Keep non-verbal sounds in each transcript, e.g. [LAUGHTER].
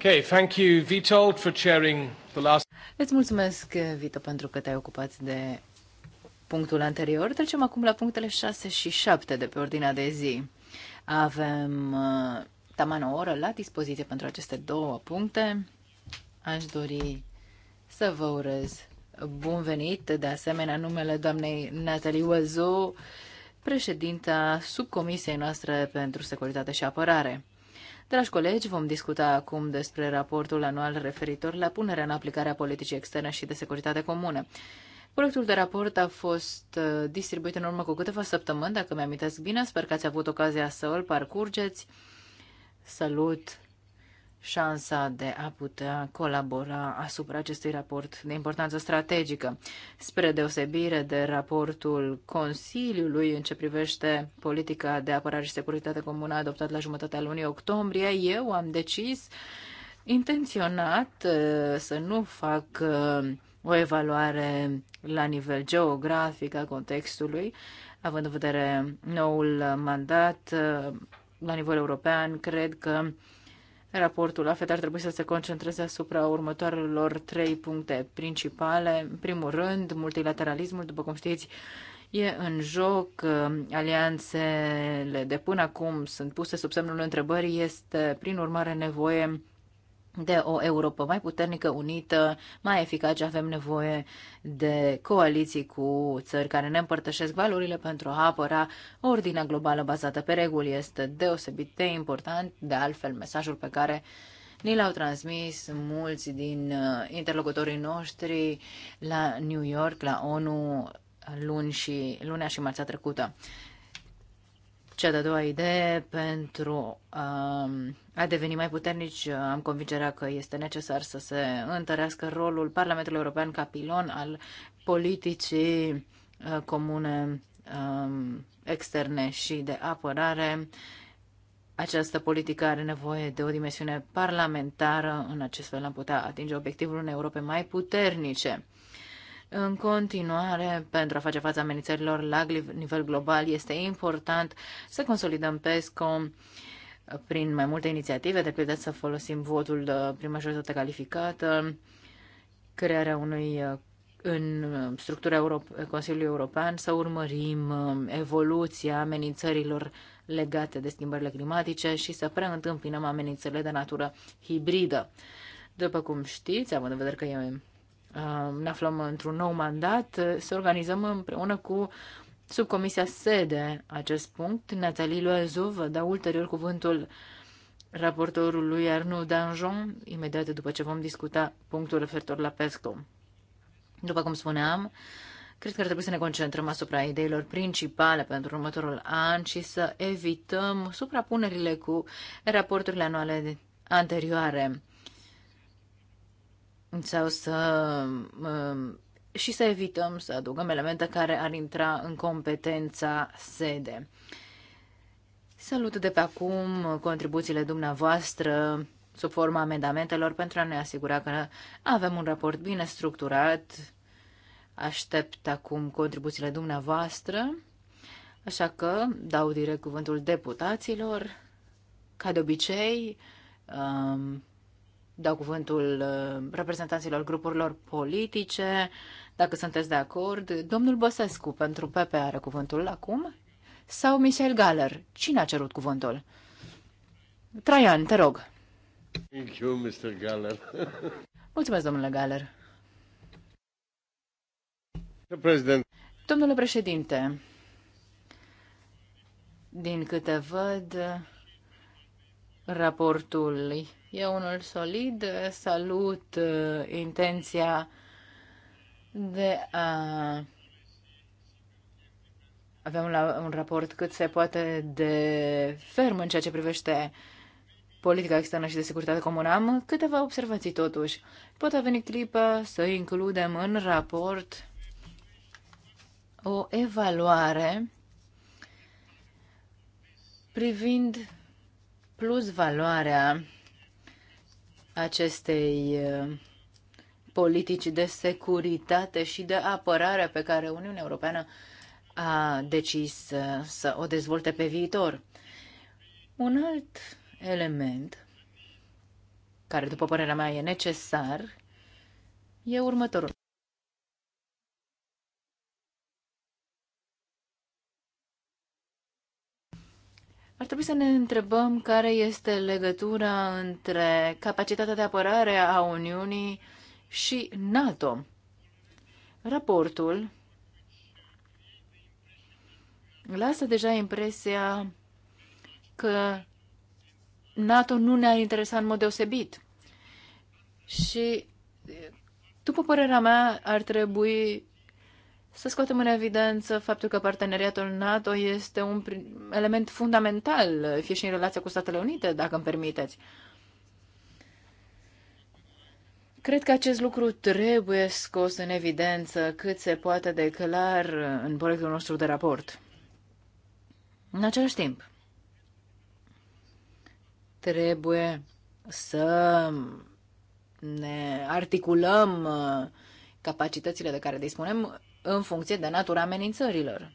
Okay, thank you, Vitold, for chairing the last... Îți mulțumesc, Vito, pentru că te-ai ocupat de punctul anterior. Trecem acum la punctele 6 și 7 de pe ordinea de zi. Avem uh, taman o oră la dispoziție pentru aceste două puncte. Aș dori să vă urez bun venit, de asemenea, numele doamnei Natalie Oazou, președinta subcomisiei noastre pentru securitate și apărare. Dragi colegi, vom discuta acum despre raportul anual referitor la punerea în aplicare a politicii externe și de securitate comună. Proiectul de raport a fost uh, distribuit în urmă cu câteva săptămâni, dacă mi-amintesc bine. Sper că ați avut ocazia să îl parcurgeți. Salut șansa de a putea colabora asupra acestui raport de importanță strategică, spre deosebire de raportul Consiliului în ce privește politica de apărare și securitate comună adoptat la jumătatea lunii octombrie, eu am decis intenționat uh, să nu fac uh, o evaluare la nivel geografic a contextului, având în vedere noul mandat uh, la nivel european, cred că Raportul AFET ar trebui să se concentreze asupra următoarelor trei puncte principale. În primul rând, multilateralismul, după cum știți, e în joc, alianțele de până acum sunt puse sub semnul întrebării, este prin urmare nevoie de o Europa mai puternică, unită, mai eficace. Avem nevoie de coaliții cu țări care ne împărtășesc valorile pentru a apăra ordinea globală bazată pe reguli. Este deosebit de important, de altfel, mesajul pe care ni l-au transmis mulți din uh, interlocutorii noștri la New York, la ONU, luni și, lunea și marțea trecută. Cea de-a doua idee, pentru um, a deveni mai puternici, uh, am convingerea că este necesar să se întărească rolul Parlamentului European ca pilon al politicii uh, comune um, externe și de apărare. Această politică are nevoie de o dimensiune parlamentară, în acest fel am putea atinge obiectivul unei Europe mai puternice. În continuare, pentru a face față amenințărilor la nivel global, este important să consolidăm PESCO prin mai multe inițiative, de pildă să folosim votul de prin majoritate calificată, crearea unui uh, în structura Europe, Consiliului European, să urmărim uh, evoluția amenințărilor legate de schimbările climatice și să preîntâmpinăm amenințările de natură hibridă. După cum știți, având în vedere că e Uh, ne aflăm într-un nou mandat, uh, să organizăm împreună cu subcomisia sede acest punct. Nathalie Loazou vă dau ulterior cuvântul raportorului Arnaud Danjon, imediat după ce vom discuta punctul referitor la PESCO. După cum spuneam, cred că ar trebui să ne concentrăm asupra ideilor principale pentru următorul an și să evităm suprapunerile cu raporturile anuale anterioare sau să um, și să evităm să adugăm elemente care ar intra în competența sede. Salut de pe acum contribuțiile dumneavoastră sub forma amendamentelor pentru a ne asigura că avem un raport bine structurat. Aștept acum contribuțiile dumneavoastră, așa că dau direct cuvântul deputaților. Ca de obicei, um, dau cuvântul uh, reprezentanților grupurilor politice, dacă sunteți de acord. Domnul Băsescu pentru PP are cuvântul acum? Sau Michel Galler? Cine a cerut cuvântul? Traian, te rog. Thank you, Mr. Galler. [LAUGHS] Mulțumesc, domnule Galler. President. Domnule președinte, din câte văd, raportul e unul solid. Salut uh, intenția de a avem un, un raport cât se poate de ferm în ceea ce privește politica externă și de securitate comună. Am câteva observații totuși. Pot venit clipa să includem în raport o evaluare privind plus valoarea acestei uh, politici de securitate și de apărare pe care Uniunea Europeană a decis uh, să, o dezvolte pe viitor. Un alt element care, după părerea mea, e necesar e următorul. trebui să ne întrebăm care este legătura între capacitatea de apărare a Uniunii și NATO. Raportul lasă deja impresia că NATO nu ne-ar interesa în mod deosebit. Și, după părerea mea, ar trebui să scoatem în evidență faptul că parteneriatul NATO este un element fundamental, fie și în relația cu Statele Unite, dacă îmi permiteți. Cred că acest lucru trebuie scos în evidență cât se poate de clar în proiectul nostru de raport. În același timp, trebuie să ne articulăm uh, capacitățile de care dispunem în funcție de natura amenințărilor.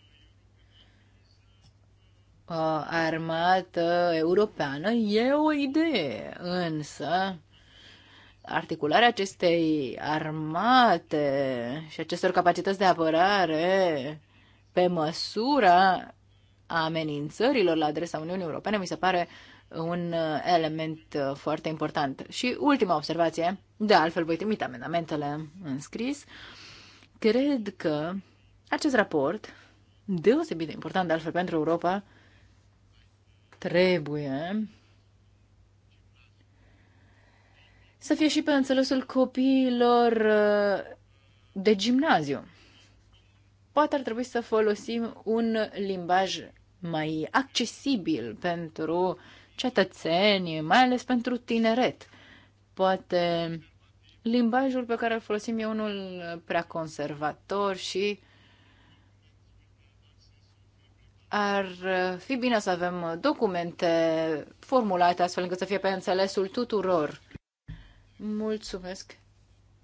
O armată europeană e o idee, însă articularea acestei armate și acestor capacități de apărare pe măsura amenințărilor la adresa Uniunii Europene mi se pare un element foarte important. Și ultima observație, de altfel voi trimite amendamentele înscris, scris, Cred că acest raport, deosebit de important de altfel pentru Europa, trebuie să fie și pe înțelesul copiilor uh, de gimnaziu. Poate ar trebui să folosim un limbaj mai accesibil pentru cetățenii mai ales pentru tineret. Poate limbajul pe care îl folosim e unul prea conservator și ar fi bine să avem documente formulate astfel încât să fie pe înțelesul tuturor. Mulțumesc.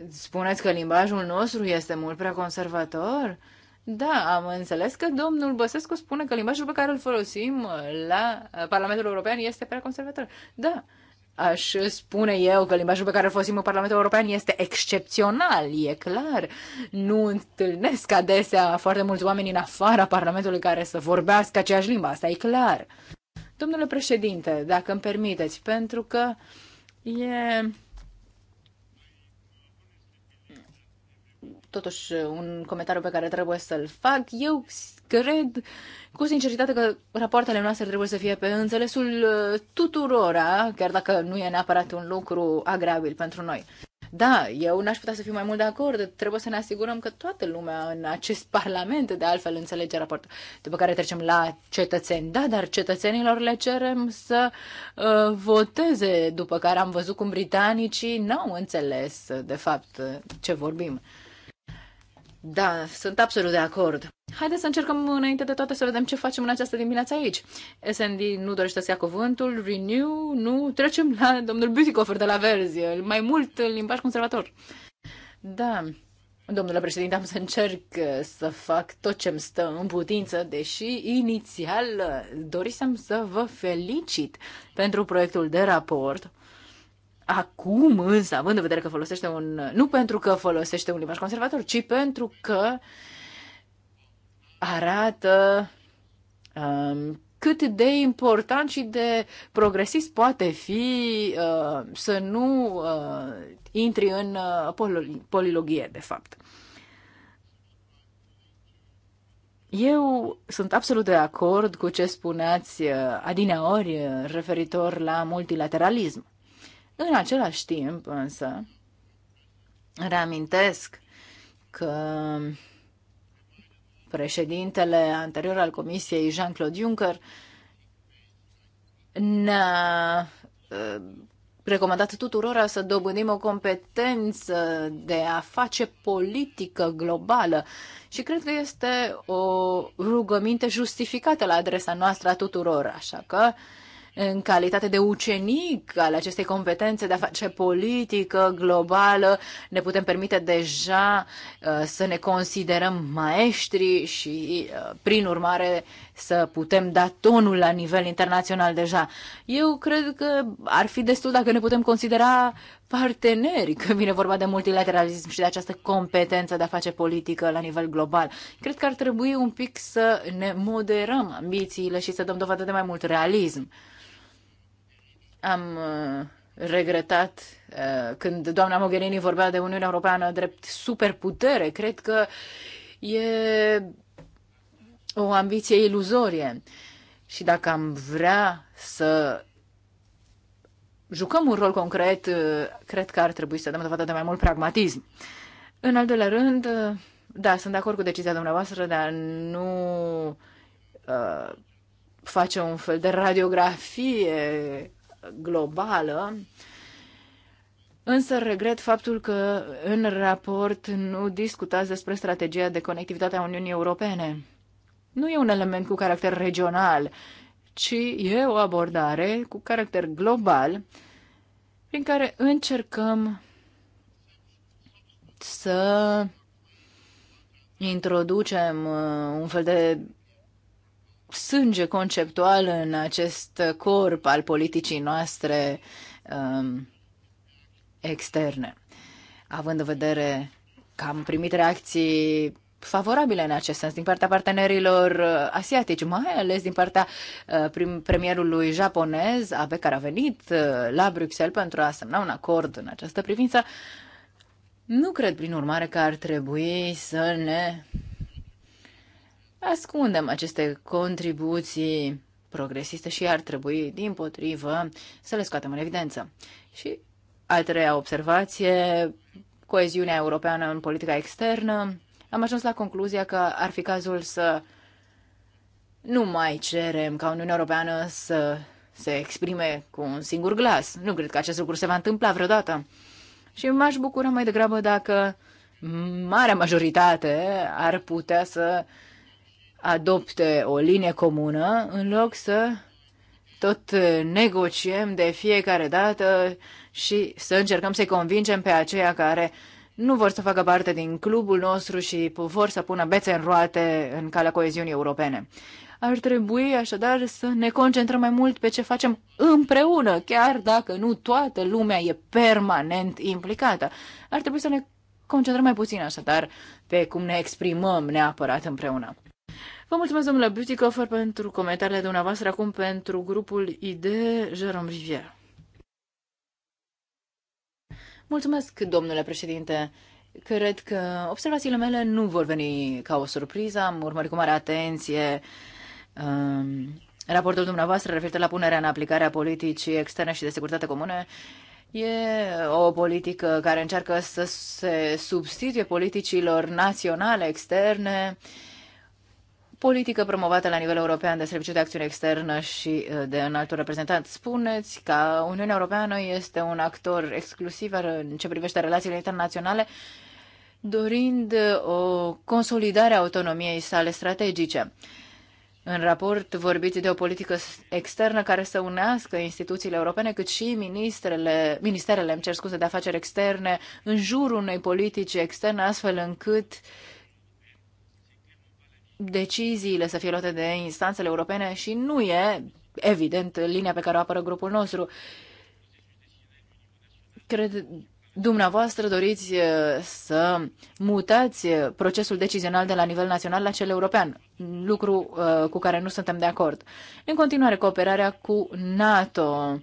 Spuneți că limbajul nostru este mult prea conservator? Da, am înțeles că domnul Băsescu spune că limbajul pe care îl folosim la Parlamentul European este prea conservator. Da, uh, aș spune eu că limbajul pe care îl folosim în Parlamentul European este excepțional, e clar. Nu întâlnesc adesea foarte mulți oameni în afara Parlamentului care să vorbească aceeași limbă, asta e clar. Domnule președinte, dacă îmi permiteți, pentru că e totuși uh, un comentariu pe care trebuie să-l fac. Eu cred cu sinceritate că rapoartele noastre trebuie să fie pe înțelesul uh, tuturora, chiar dacă nu e neapărat un lucru agreabil pentru noi. Da, eu n-aș putea să fiu mai mult de acord. Trebuie să ne asigurăm că toată lumea în acest parlament de altfel înțelege raportul. După care trecem la cetățeni. Da, dar cetățenilor le cerem să uh, voteze, după care am văzut cum britanicii n-au înțeles de fapt ce vorbim. Da, sunt absolut de acord. Haideți să încercăm înainte de toate să vedem ce facem în această dimineață aici. SND nu dorește să ia cuvântul, Renew, nu, trecem la domnul Butikofer de la Verzi, mai mult limbaj conservator. Da, domnule președinte, am să încerc să fac tot ce îmi stă în putință, deși inițial dorisem să vă felicit pentru proiectul de raport Acum însă, având în vedere că folosește un... Nu pentru că folosește un limbaj conservator, ci pentru că arată um, cât de important și de progresist poate fi uh, să nu uh, intri în uh, pol- polilogie, de fapt. Eu sunt absolut de acord cu ce spuneați uh, adineori uh, referitor la multilateralism. În același timp, însă, reamintesc că președintele anterior al Comisiei, Jean-Claude Juncker, ne-a recomandat tuturora să dobândim o competență de a face politică globală și cred că este o rugăminte justificată la adresa noastră a tuturor, așa că uh, în calitate de ucenic al acestei competențe de a face politică globală, ne putem permite deja uh, să ne considerăm maestri și, uh, prin urmare, să putem da tonul la nivel internațional deja. Eu cred că ar fi destul dacă ne putem considera parteneri când vine vorba de multilateralism și de această competență de a face politică la nivel global. Cred că ar trebui un pic să ne moderăm ambițiile și să dăm dovadă de mai mult realism. Am uh, regretat uh, când doamna Mogherini vorbea de Uniunea Europeană drept superputere. Cred că e o ambiție iluzorie. Și dacă am vrea să jucăm un rol concret, uh, cred că ar trebui să dăm dovadă de mai mult pragmatism. În al doilea rând, da, sunt de acord cu decizia dumneavoastră de a nu uh, face un fel de radiografie globală, însă regret faptul că în raport nu discutați despre strategia de conectivitate a Uniunii Europene. Nu e un element cu caracter regional, ci e o abordare cu caracter global prin care încercăm să introducem uh, un fel de sânge conceptual în acest corp al politicii noastre um, externe. Având în vedere că am primit reacții favorabile în acest sens din partea partenerilor uh, asiatici, mai ales din partea uh, prim, premierului japonez, Abe, care a venit uh, la Bruxelles pentru a semna un acord în această privință. Nu cred, prin urmare, că ar trebui să ne ascundem aceste contribuții progresiste și ar trebui, din potrivă, să le scoatem în evidență. Și a treia observație, coeziunea europeană în politica externă, am ajuns la concluzia că ar fi cazul să nu mai cerem ca Uniunea Europeană să se exprime cu un singur glas. Nu cred că acest lucru se va întâmpla vreodată. Și m-aș bucura mai degrabă dacă marea majoritate ar putea să uh, adopte o linie comună în loc să tot negociem de fiecare dată și să încercăm să-i convingem pe aceia care nu vor să facă parte din clubul nostru și vor să pună bețe în roate în calea coeziunii europene. Ar trebui așadar să ne concentrăm mai mult pe ce facem împreună, chiar dacă nu toată lumea e permanent implicată. Ar trebui să ne concentrăm mai puțin așadar pe cum ne exprimăm neapărat împreună. Vă mulțumesc, domnule Butikofer, pentru comentariile dumneavoastră acum pentru grupul ID Jerome Rivière. Mulțumesc, domnule președinte. Cred că observațiile mele nu vor veni ca o surpriză. Am urmărit cu mare atenție um, raportul dumneavoastră referitor la punerea în aplicare a politicii externe și de securitate comune. E o politică care încearcă să se substituie politicilor naționale, externe, uh, politică promovată la nivel european de serviciu de acțiune externă și uh, de înaltul reprezentant. Spuneți că Uniunea Europeană este un actor exclusiv în ce privește relațiile internaționale, dorind uh, o consolidare a autonomiei sale strategice. În raport vorbiți de o politică externă care să unească instituțiile europene, cât și ministrele, ministerele, îmi cer scuze, de afaceri externe, în jurul unei politici externe, astfel încât uh, deciziile să fie luate de instanțele europene și nu e, evident, linia pe care o apără grupul nostru. Cred, dumneavoastră doriți uh, să mutați procesul decizional de la nivel național la cel european, lucru uh, cu care nu suntem de acord. În continuare, cooperarea cu NATO. Uh,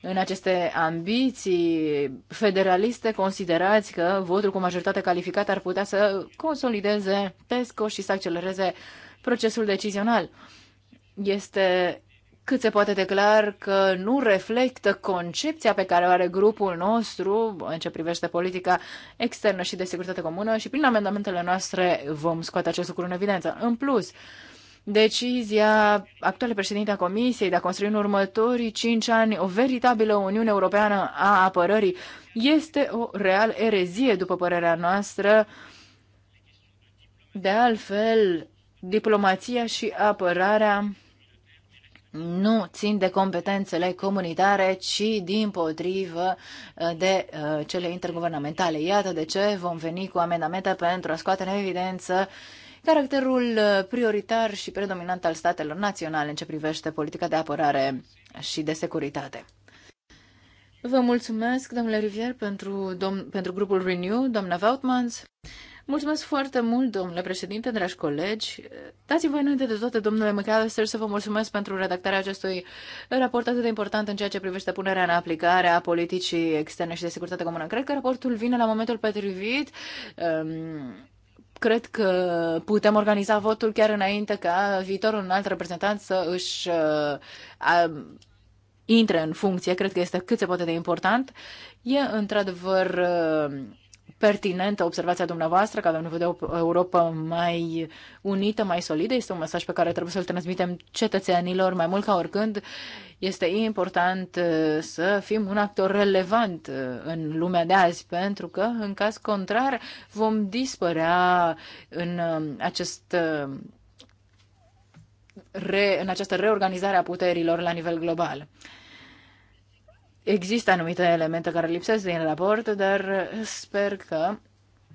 în aceste ambiții federaliste considerați că votul cu majoritate calificată ar putea să consolideze PESCO și să accelereze procesul decizional. Este cât se poate declar că nu reflectă concepția pe care o are grupul nostru în ce privește politica externă și de securitate comună și prin amendamentele noastre vom scoate acest lucru în evidență. În plus, uh, decizia actuală președinte a Comisiei de a construi în următorii cinci ani o veritabilă Uniune Europeană a apărării este o real erezie, după părerea noastră. De altfel, diplomația și apărarea nu țin de competențele comunitare, ci din potrivă de uh, cele interguvernamentale. Iată de ce vom veni cu amendamente pentru a scoate în evidență caracterul uh, prioritar și predominant al statelor naționale în ce privește politica de apărare și de securitate. Vă mulțumesc, domnule Rivier, pentru, dom- pentru grupul Renew, doamna Vautmans. Mulțumesc foarte mult, domnule președinte, dragi colegi. Dați-vă înainte de toate, domnule McAllister, să vă mulțumesc pentru redactarea acestui raport atât de important în ceea ce privește punerea în aplicare a politicii externe și de securitate comună. Cred că raportul vine la momentul potrivit. Um, cred că putem organiza votul chiar înainte ca viitorul un alt reprezentant să își uh, a, intre în funcție. Cred că este cât se poate de important. E într-adevăr uh, pertinentă observația dumneavoastră că avem nevoie de o Europa mai unită, mai solidă. Este un mesaj pe care trebuie să-l transmitem cetățenilor mai mult ca oricând. Este important uh, să fim un actor relevant uh, în lumea de azi, pentru că, în caz contrar, vom dispărea în um, acest uh, re, în această reorganizare a puterilor la nivel global. Există anumite elemente care lipsesc din raport, dar sper că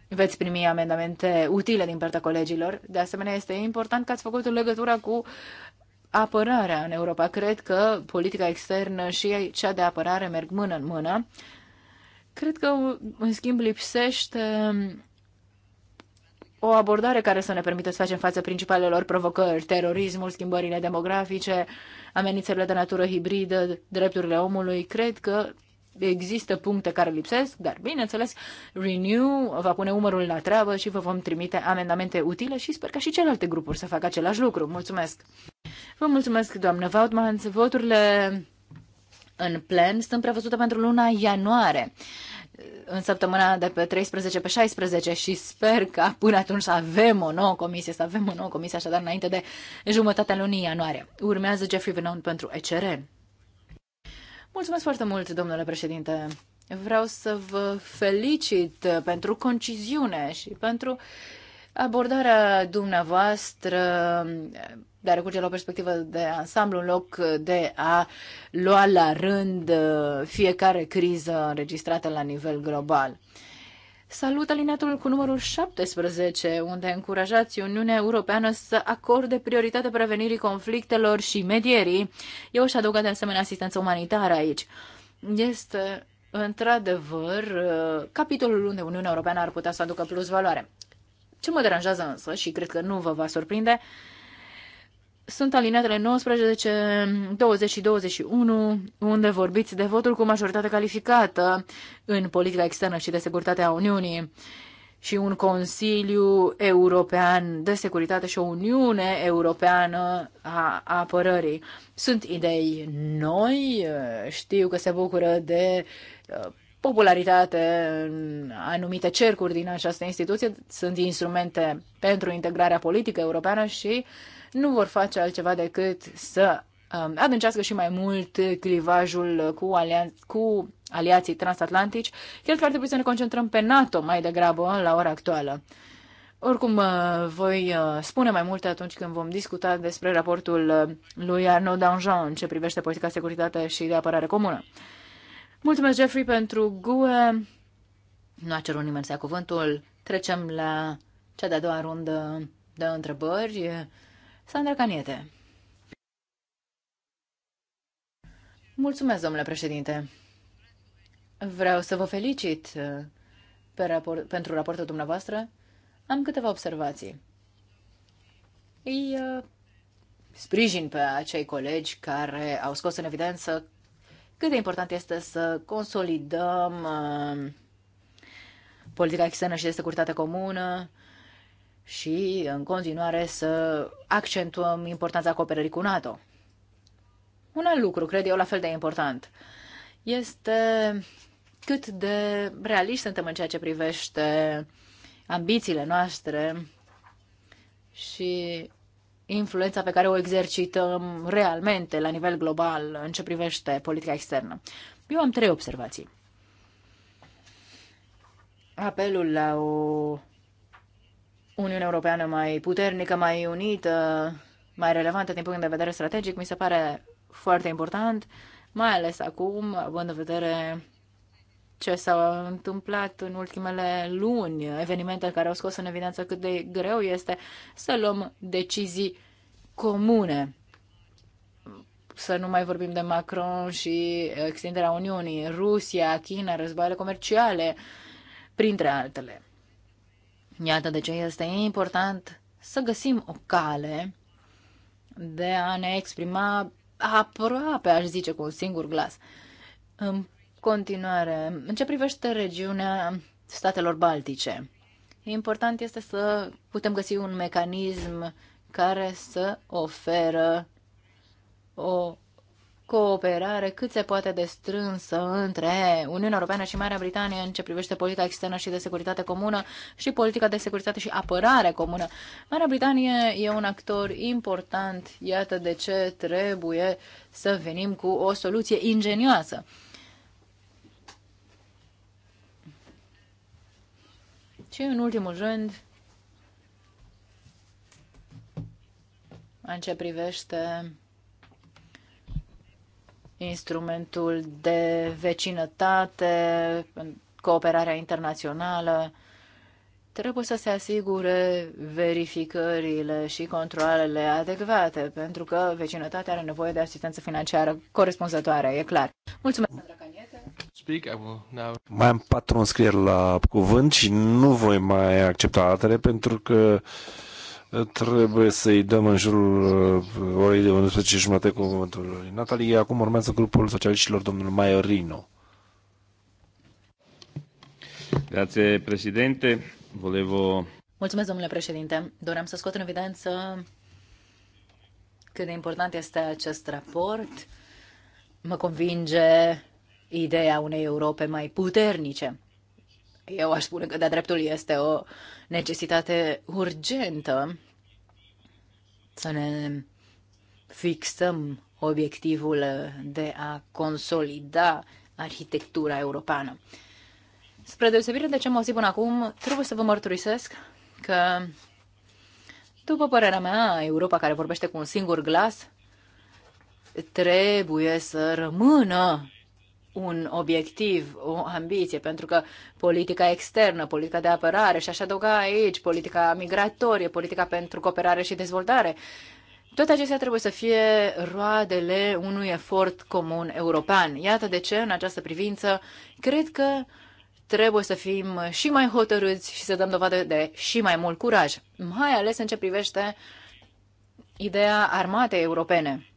veți primi amendamente utile din partea colegilor. De asemenea, este important că ați făcut legătura cu apărarea în Europa. Cred că politica externă și cea de apărare merg mână în mână. Cred că, în schimb, lipsește o abordare care să ne permită să facem față principalelor provocări, terorismul, schimbările demografice, amenințările de natură hibridă, drepturile omului. Cred că există puncte care lipsesc, dar bineînțeles, Renew va pune umărul la treabă și vă vom trimite amendamente utile și sper ca și celelalte grupuri să facă același lucru. Mulțumesc! Vă mulțumesc, doamnă Vautmans. Voturile în plen sunt prevăzute pentru luna ianuarie în săptămâna de pe 13 pe 16 și sper că până atunci să avem o nouă comisie, să avem o nouă comisie așadar înainte de jumătatea lunii ianuarie. Urmează Jeffrey Venon pentru ECR. Mulțumesc foarte mult, domnule președinte. Vreau să vă felicit pentru conciziune și pentru uh, Abordarea dumneavoastră de a recurge la o perspectivă de ansamblu în loc de a lua la rând fiecare criză înregistrată la nivel global. Salut alineatul cu numărul 17, unde încurajați Uniunea Europeană să acorde prioritate prevenirii conflictelor și medierii. Eu și adăugat de asemenea asistență umanitară aici. Este într-adevăr capitolul unde Uniunea Europeană ar putea să aducă plus valoare. Ce mă deranjează însă, și cred că nu vă va surprinde, sunt alineatele 19, 20 și 21, unde vorbiți de votul cu majoritate calificată în politica externă și de securitate a Uniunii și un Consiliu European de Securitate și o Uniune Europeană a Apărării. Sunt idei noi, știu că se bucură de popularitate în anumite cercuri din această instituție, sunt instrumente pentru integrarea politică europeană și nu vor face altceva decât să um, adâncească și mai mult clivajul cu, alian- cu aliații transatlantici. Cred că ar trebui să ne concentrăm pe NATO mai degrabă la ora actuală. Oricum, uh, voi uh, spune mai multe atunci când vom discuta despre raportul lui Arnaud Danjean în ce privește politica securitate și de apărare comună. Mulțumesc, Jeffrey, pentru GUE. Nu a cerut nimeni să ia cuvântul. Trecem la cea de-a doua rundă de întrebări. Sandra Caniete. Mulțumesc, domnule președinte. Vreau să vă felicit uh, pe raport, pentru raportul dumneavoastră. Am câteva observații. Îi uh, sprijin pe acei colegi care au scos în evidență cât de important este să consolidăm uh, politica externă și de securitate comună și, în continuare, să accentuăm importanța cooperării cu NATO. Un alt lucru, cred eu, la fel de important, este cât de realiști suntem în ceea ce privește ambițiile noastre și influența pe care o exercităm realmente la nivel global în ce privește politica externă. Eu am trei observații. Apelul la o Uniune Europeană mai puternică, mai unită, mai relevantă din punct de vedere strategic, mi se pare foarte important, mai ales acum, având în vedere ce s-a întâmplat în ultimele luni, evenimente care au scos în evidență cât de greu este să luăm decizii comune. Să nu mai vorbim de Macron și extinderea Uniunii, Rusia, China, războaiele comerciale, printre altele. Iată de ce este important să găsim o cale de a ne exprima aproape, aș zice, cu un singur glas. În continuare, în ce privește regiunea statelor baltice, important este să putem găsi un mecanism care să oferă o cooperare cât se poate de strânsă între Uniunea Europeană și Marea Britanie în ce privește politica externă și de securitate comună și politica de securitate și apărare comună. Marea Britanie e un actor important, iată de ce trebuie să venim cu o soluție ingenioasă. Și, în ultimul rând, în ce privește instrumentul de vecinătate, cooperarea internațională, trebuie să se asigure verificările și controlele adecvate, pentru că vecinătatea are nevoie de asistență financiară corespunzătoare, e clar. Mulțumesc, mai am patru înscrieri la cuvânt și nu voi mai accepta altele pentru că uh, trebuie să-i dăm în jurul uh, orei de 11 jumate cuvântul. Natalie, acum urmează grupul socialiștilor domnul Maiorino. Grazie, președinte. Volevo... Mulțumesc, domnule președinte. Doream să scot în evidență cât de important este acest raport. Mă convinge ideea unei Europe mai puternice. Eu aș spune că de-a dreptul este o necesitate urgentă să ne fixăm obiectivul de a consolida arhitectura europeană. Spre deosebire de ce am zic până acum, trebuie să vă mărturisesc că, după părerea mea, Europa care vorbește cu un singur glas trebuie să rămână un obiectiv, o ambiție, pentru că politica externă, politica de apărare și aș adăuga aici politica migratorie, politica pentru cooperare și dezvoltare, toate acestea trebuie să fie roadele unui efort comun european. Iată de ce, în această privință, cred că trebuie să fim și mai hotărâți și să dăm dovadă de și mai mult curaj, mai ales în ce privește ideea armatei europene.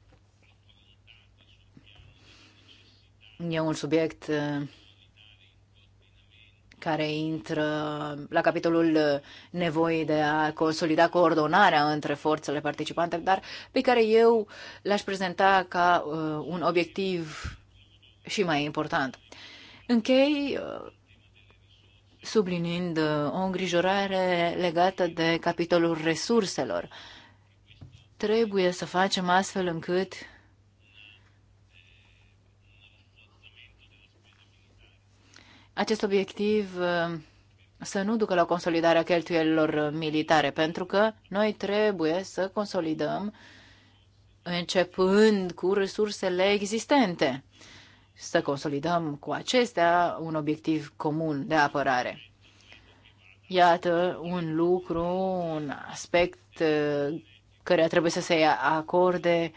E un subiect uh, care intră la capitolul uh, nevoii de a consolida coordonarea între forțele participante, dar pe care eu l-aș prezenta ca uh, un obiectiv și mai important. Închei sublinind o îngrijorare legată de capitolul resurselor. Trebuie să facem astfel încât acest obiectiv uh, să nu ducă la consolidarea cheltuielilor uh, militare, pentru că noi trebuie să consolidăm începând cu resursele existente, să consolidăm cu acestea un obiectiv comun de apărare. Iată un lucru, un aspect uh, care trebuie să se acorde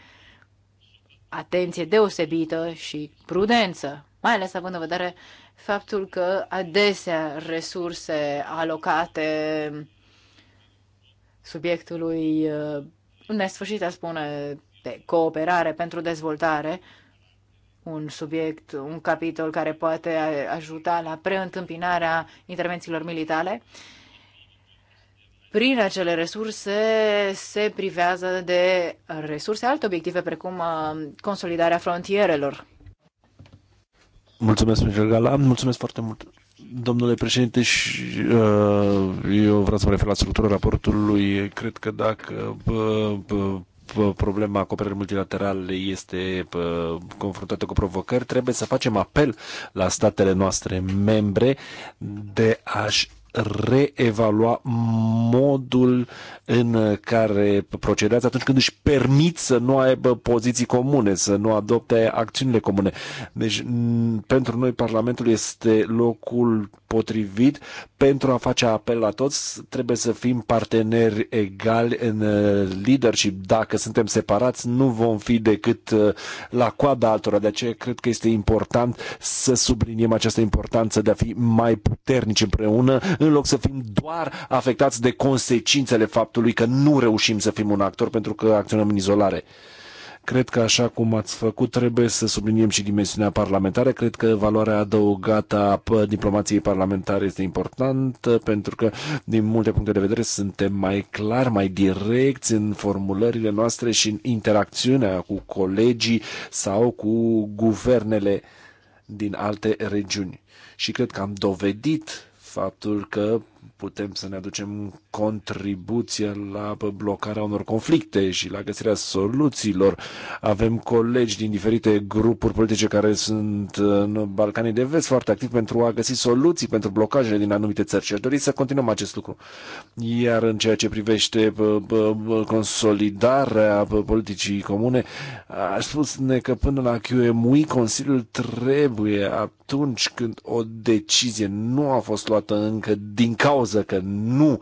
atenție deosebită și prudență, mai ales având în vedere faptul că adesea resurse alocate subiectului uh, nesfârșit, a spune, de cooperare pentru dezvoltare, un subiect, un capitol care poate ajuta la preîntâmpinarea intervențiilor militare. Prin acele resurse se privează de resurse alte obiective, precum uh, consolidarea frontierelor. Mulțumesc, Mijel Galan, mulțumesc foarte mult domnule președinte, și uh, eu vreau să mă refer la structura raportului. Cred că dacă uh, problema cooperării multilaterale este uh, confruntată cu provocări, trebuie să facem apel la statele noastre membre de a-și reevalua modul în care procedează atunci când își permit să nu aibă poziții comune, să nu adopte acțiunile comune. Deci, pentru noi, Parlamentul este locul potrivit pentru a face apel la toți. Trebuie să fim parteneri egali în uh, leadership. Dacă suntem separați, nu vom fi decât uh, la coada altora. De aceea, cred că este important să subliniem această importanță de a fi mai puternici împreună în loc să fim doar afectați de consecințele faptului că nu reușim să fim un actor pentru că acționăm în izolare. Cred că așa cum ați făcut, trebuie să subliniem și dimensiunea parlamentară. Cred că valoarea adăugată a diplomației parlamentare este importantă pentru că, din multe puncte de vedere, suntem mai clar, mai direcți în formulările noastre și în interacțiunea cu colegii sau cu guvernele din alte regiuni. Și cred că am dovedit faptul că putem să ne aducem contribuție la blocarea unor conflicte și la găsirea soluțiilor. Avem colegi din diferite grupuri politice care sunt în Balcanii de Vest foarte activi pentru a găsi soluții pentru blocajele din anumite țări și aș dori să continuăm acest lucru. Iar în ceea ce privește consolidarea politicii comune, aș ne că până la QMUI Consiliul trebuie atunci când o decizie nu a fost luată încă din cauza că nu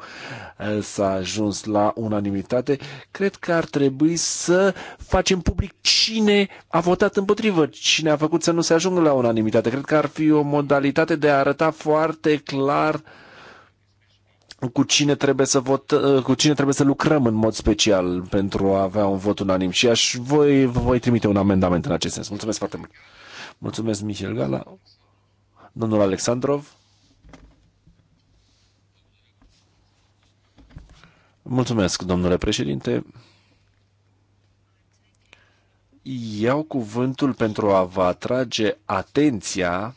s-a ajuns la unanimitate, cred că ar trebui să facem public cine a votat împotrivă, cine a făcut să nu se ajungă la unanimitate. Cred că ar fi o modalitate de a arăta foarte clar cu cine trebuie să vot, uh, cu cine trebuie să lucrăm în mod special pentru a avea un vot unanim și aș voi, voi trimite un amendament în acest sens. Mulțumesc foarte mult. Mulțumesc, Michel Gala. Domnul Alexandrov. Mulțumesc, domnule președinte. Iau cuvântul pentru a vă atrage atenția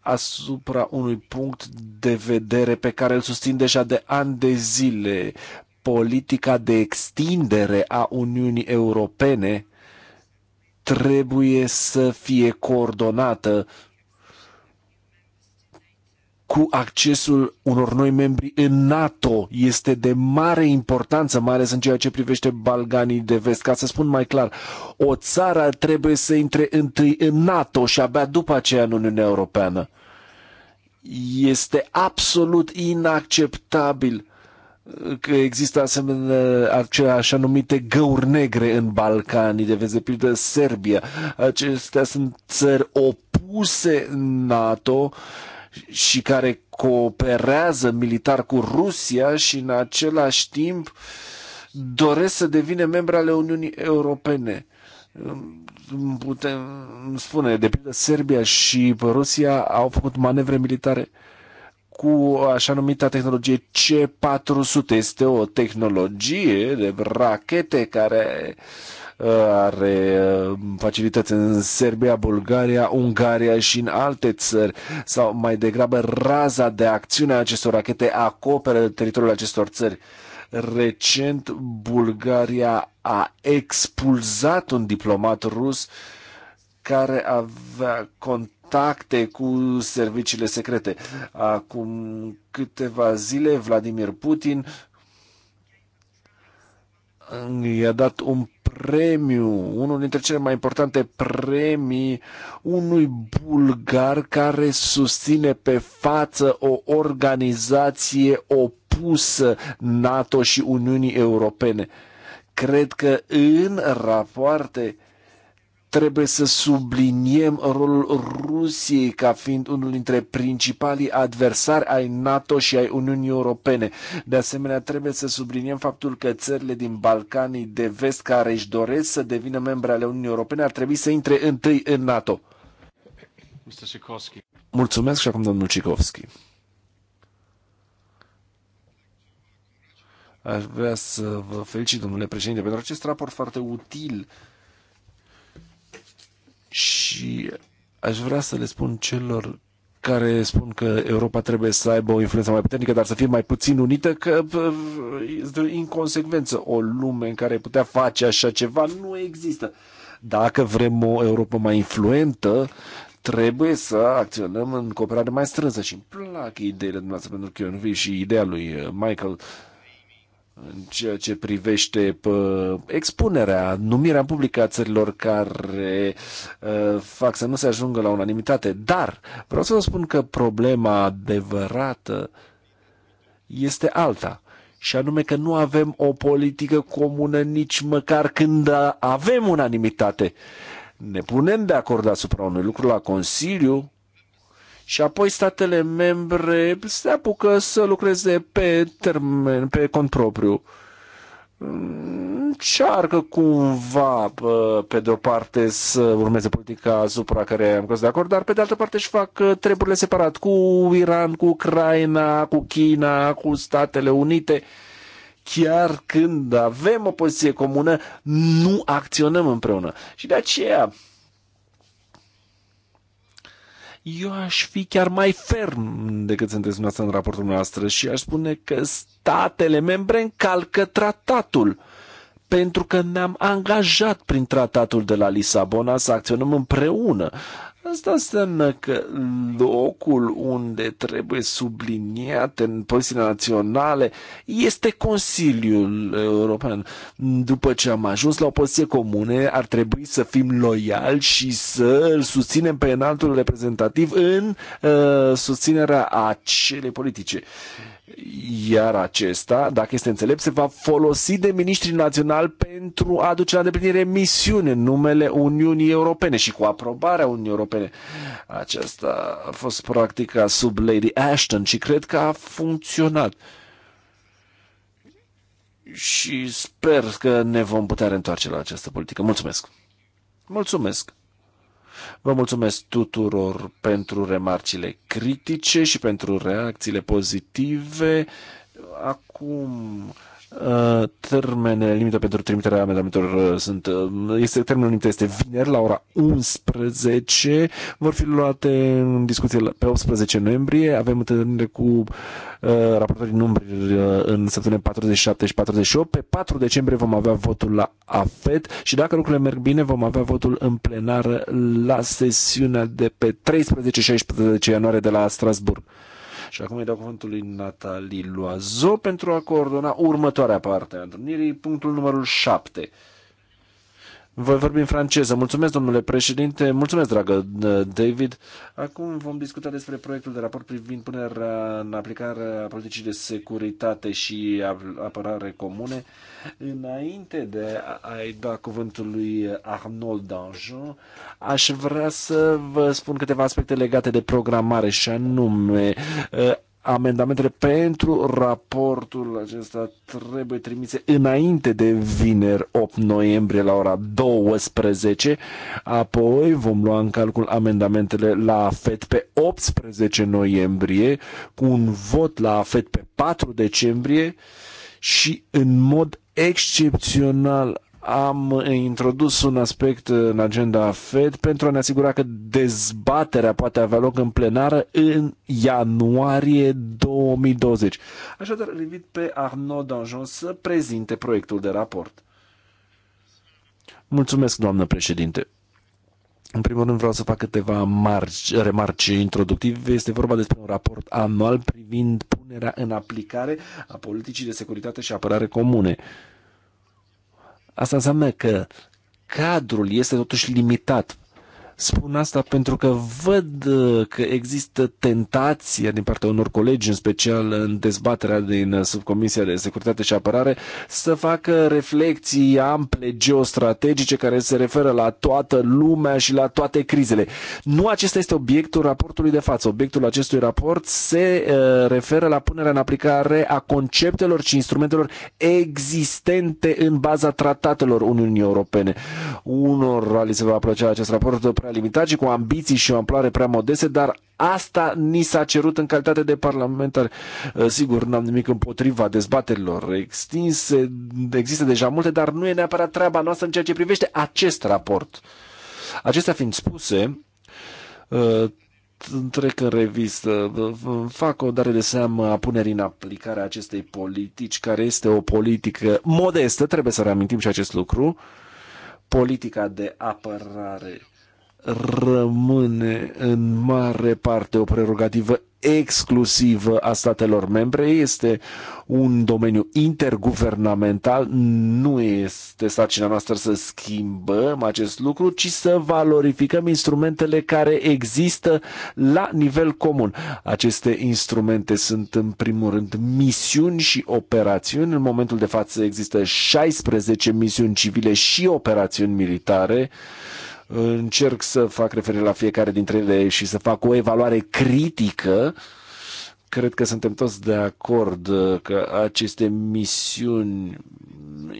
asupra unui punct de vedere pe care îl susțin deja de ani de zile, politica de extindere a Uniunii Europene trebuie să fie coordonată cu accesul unor noi membri în NATO este de mare importanță, mai ales în ceea ce privește Balganii de vest. Ca să spun mai clar, o țară trebuie să intre întâi în NATO și abia după aceea în Uniunea Europeană. Este absolut inacceptabil că există asemenea așa numite găuri negre în Balcanii, de vezi, de pildă Serbia. Acestea sunt țări opuse în NATO, și care cooperează militar cu Rusia și în același timp doresc să devină membre ale Uniunii Europene. Putem spune, de pildă, Serbia și Rusia au făcut manevre militare cu așa numita tehnologie C400. Este o tehnologie de rachete care uh, are uh, facilități în Serbia, Bulgaria, Ungaria și în alte țări, sau mai degrabă raza de acțiune a acestor rachete acoperă teritoriul acestor țări. Recent, Bulgaria a expulzat un diplomat rus care avea cont contacte cu serviciile secrete. Acum câteva zile, Vladimir Putin i-a dat un premiu, unul dintre cele mai importante premii unui bulgar care susține pe față o organizație opusă NATO și Uniunii Europene. Cred că în rapoarte trebuie să subliniem rolul Rusiei ca fiind unul dintre principalii adversari ai NATO și ai Uniunii Europene. De asemenea, trebuie să subliniem faptul că țările din Balcanii de vest care își doresc să devină membre ale Uniunii Europene ar trebui să intre întâi în NATO. Mulțumesc și acum domnul Cicovski. Aș vrea să vă felicit, domnule președinte, pentru acest raport foarte util Aș vrea să le spun celor care spun că Europa trebuie să aibă o influență mai puternică, dar să fie mai puțin unită, că este o inconsecvență. O lume în care putea face așa ceva nu există. Dacă vrem o Europa mai influentă, trebuie să acționăm în cooperare mai strânsă și îmi plac ideile dumneavoastră, pentru că eu nu și ideea lui uh, Michael uh, în ceea ce privește expunerea, numirea publică a țărilor care uh, fac să nu se ajungă la unanimitate. Dar vreau să vă spun că problema adevărată este alta. Și anume că nu avem o politică comună nici măcar când avem unanimitate. Ne punem de acord asupra unui lucru la Consiliu, și apoi statele membre se apucă să lucreze pe termen, pe cont propriu. Încearcă cumva, pe de o parte, să urmeze politica asupra care am fost de acord, dar pe de altă parte își fac uh, treburile separat cu Iran, cu Ucraina, cu China, cu Statele Unite chiar când avem o poziție comună, nu acționăm împreună. Și de aceea eu aș fi chiar mai ferm decât sunteți dumneavoastră în raportul noastră și aș spune că statele membre încalcă tratatul pentru că ne-am angajat prin tratatul de la Lisabona să acționăm împreună Asta înseamnă că locul unde trebuie subliniat în poziția naționale este Consiliul European. După ce am ajuns la o poziție comune, ar trebui să fim loiali și să îl susținem pe înaltul reprezentativ în uh, susținerea acelei politice. Uh, iar acesta, dacă este înțelept, se va folosi de ministrii naționali pentru a aduce la îndeplinire misiune, în numele Uniunii Europene și cu aprobarea Uniunii Europene. Aceasta a fost practica sub Lady Ashton și cred că a funcționat și sper că ne vom putea reîntoarce la această politică. Mulțumesc! Mulțumesc! Vă mulțumesc tuturor pentru remarcile critice și pentru reacțiile pozitive. Acum Uh, termene limită pentru trimiterea amendamentelor uh, sunt, uh, este, termenul limită este vineri la ora 11. Vor fi luate în discuție pe 18 noiembrie. Avem întâlnire cu raportorii numeri în săptămâna 47 și 48. Pe 4 decembrie vom avea votul la AFET și dacă lucrurile merg bine vom avea votul în plenară la sesiunea de pe 13-16 ianuarie de la Strasburg. Și acum îi dau cuvântul lui Natalie Loazo pentru a coordona următoarea parte a întâlnirii, punctul numărul 7. Voi vorbi în franceză. Mulțumesc, domnule președinte. Mulțumesc, dragă David. Acum vom discuta despre proiectul de raport privind punerea în aplicare a politicii de securitate și apărare comune. Înainte de a-i da cuvântul lui Arnold Danjou, aș vrea să vă spun câteva aspecte legate de programare și anume amendamentele pentru raportul acesta trebuie trimise înainte de vineri 8 noiembrie la ora 12. Apoi vom lua în calcul amendamentele la AFET pe 18 noiembrie cu un vot la AFET pe 4 decembrie și în mod excepțional am introdus un aspect în agenda FED pentru a ne asigura că dezbaterea poate avea loc în plenară în ianuarie 2020. Așadar, îl invit pe Arnaud Danjon să prezinte proiectul de raport. Mulțumesc, doamnă președinte. În primul rând vreau să fac câteva marci, remarci introductive. Este vorba despre un raport anual privind punerea în aplicare a politicii de securitate și apărare comune. Uh, Asta înseamnă că cadrul este totuși limitat Spun asta pentru că văd uh, că există tentația din partea unor colegi, în special în dezbaterea din uh, Subcomisia de Securitate și Apărare, să facă reflexii ample geostrategice care se referă la toată lumea și la toate crizele. Nu acesta este obiectul raportului de față. Obiectul acestui raport se uh, referă la punerea în aplicare a conceptelor și instrumentelor existente în baza tratatelor Uniunii Europene. Unor li se va plăcea acest raport prea limitat și cu ambiții și o amploare prea modeste, dar asta ni s-a cerut în calitate de parlamentar. Uh, sigur, n-am nimic împotriva dezbaterilor extinse, există deja multe, dar nu e neapărat treaba noastră în ceea ce privește acest raport. Acestea fiind spuse, uh, trec în revistă, fac o dare de seamă a punerii în aplicare a acestei politici, care este o politică modestă, trebuie să reamintim și acest lucru, politica de apărare rămâne în mare parte o prerogativă exclusivă a statelor membre, este un domeniu interguvernamental, nu este sarcina noastră să schimbăm acest lucru, ci să valorificăm instrumentele care există la nivel comun. Aceste instrumente sunt în primul rând misiuni și operațiuni. În momentul de față există 16 misiuni civile și operațiuni militare. Uh, Încerc să fac referire la fiecare dintre ele și să fac o evaluare critică uh, Cred că suntem toți de acord uh, că aceste misiuni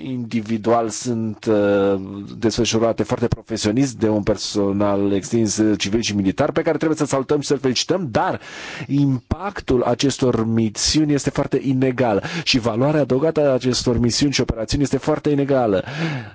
individual sunt uh, desfășurate foarte profesionist de un personal extins uh, civil și militar pe care trebuie să salutăm și să-l felicităm, dar impactul acestor misiuni este foarte inegal și valoarea adăugată a acestor misiuni și operațiuni este foarte inegală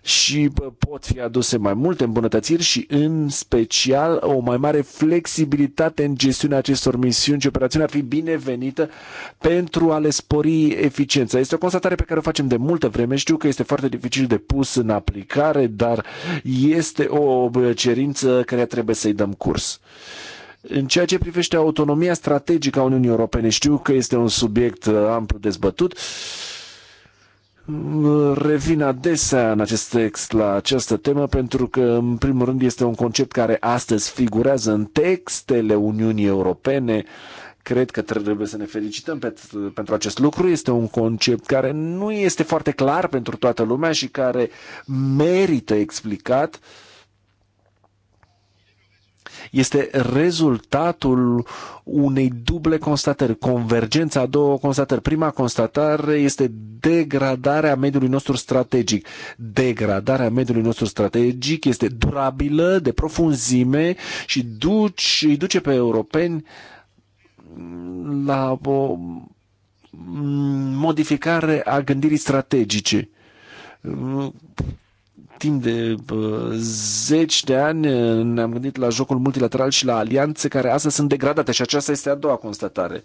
și pot fi aduse mai multe îmbunătățiri și în special o mai mare flexibilitate în gestiunea acestor misiuni și operațiuni ar fi binevenită binevenită pentru a le spori eficiența. Este o constatare pe care o facem de multă vreme. Știu că este foarte dificil de pus în aplicare, dar este o cerință care trebuie să-i dăm curs. În ceea ce privește autonomia strategică a Uniunii Europene, știu că este un subiect uh, amplu dezbătut. Mm, revin adesea în acest text la această temă pentru că, în primul rând, este un concept care astăzi figurează în textele Uniunii Europene, Cred că trebuie să ne felicităm pe, pentru acest lucru. Este un concept care nu este foarte clar pentru toată lumea și care merită explicat. Este rezultatul unei duble constatări, convergența a două constatări. Prima constatare este degradarea mediului nostru strategic. Degradarea mediului nostru strategic este durabilă, de profunzime și duci, îi duce pe europeni la o modificare a gândirii strategice. Timp de zeci de ani uh, ne-am gândit la jocul multilateral și la alianțe care astăzi sunt degradate și aceasta este a doua constatare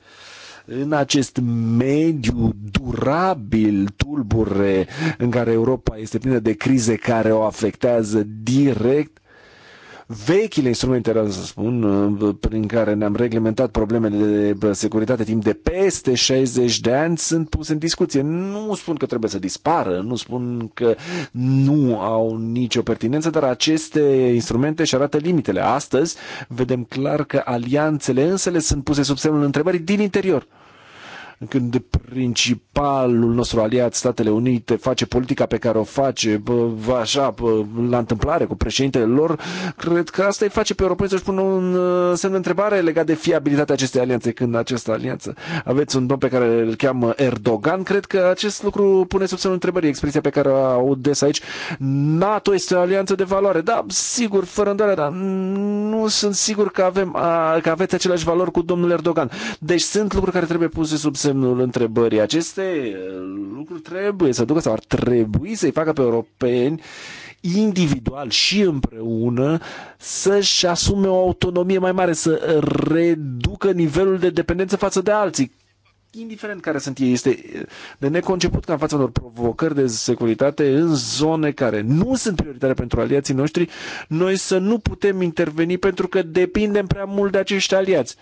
în acest mediu durabil, tulbure, în care Europa este plină de crize care o afectează direct, vechile instrumente, să spun, uh, prin care ne-am reglementat problemele de uh, securitate timp de peste 60 de ani sunt puse în discuție. Nu spun că trebuie să dispară, nu spun că nu au nicio pertinență, dar aceste instrumente și arată limitele. Astăzi vedem clar că alianțele însele sunt puse sub semnul întrebării din interior când principalul nostru aliat, Statele Unite, face politica pe care o face, așa, la întâmplare cu președintele lor, cred că asta îi face pe europeni să-și pună un uh, semn de întrebare legat de fiabilitatea acestei alianțe. Când această alianță aveți un domn pe care îl cheamă Erdogan, cred că acest lucru pune sub semnul întrebării expresia pe care o aud des aici. NATO este o alianță de valoare. Da, sigur, fără îndoare, dar nu sunt sigur că, avem, că aveți aceleași valori cu domnul Erdogan. Deci sunt lucruri care trebuie puse sub semnul întrebării. Aceste uh, lucruri trebuie să ducă sau ar trebui să-i facă pe europeni individual și împreună să-și asume o autonomie mai mare, să reducă nivelul de dependență față de alții. Indiferent care sunt ei, este uh, de neconceput ca în fața unor provocări de securitate în zone care nu sunt prioritare pentru aliații noștri, noi să nu putem interveni pentru că depindem prea mult de acești aliați.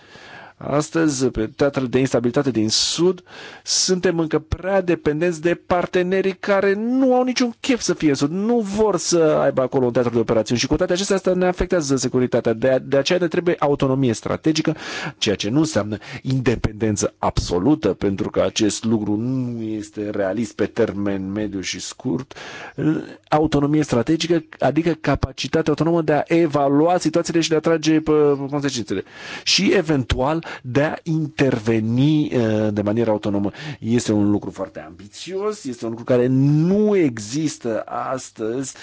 Astăzi, pe teatrele de instabilitate din Sud, suntem încă prea dependenți de partenerii care nu au niciun chef să fie în Sud, nu vor să aibă acolo un teatru de operațiuni și cu toate acestea asta ne afectează securitatea. De, de aceea ne trebuie autonomie strategică, ceea ce nu înseamnă independență absolută, pentru că acest lucru nu este realist pe termen mediu și scurt. Autonomie strategică, adică capacitatea autonomă de a evalua situațiile și de a trage consecințele. Și eventual de a interveni eh, de manieră autonomă. Este un lucru foarte ambițios, este un lucru care nu există astăzi,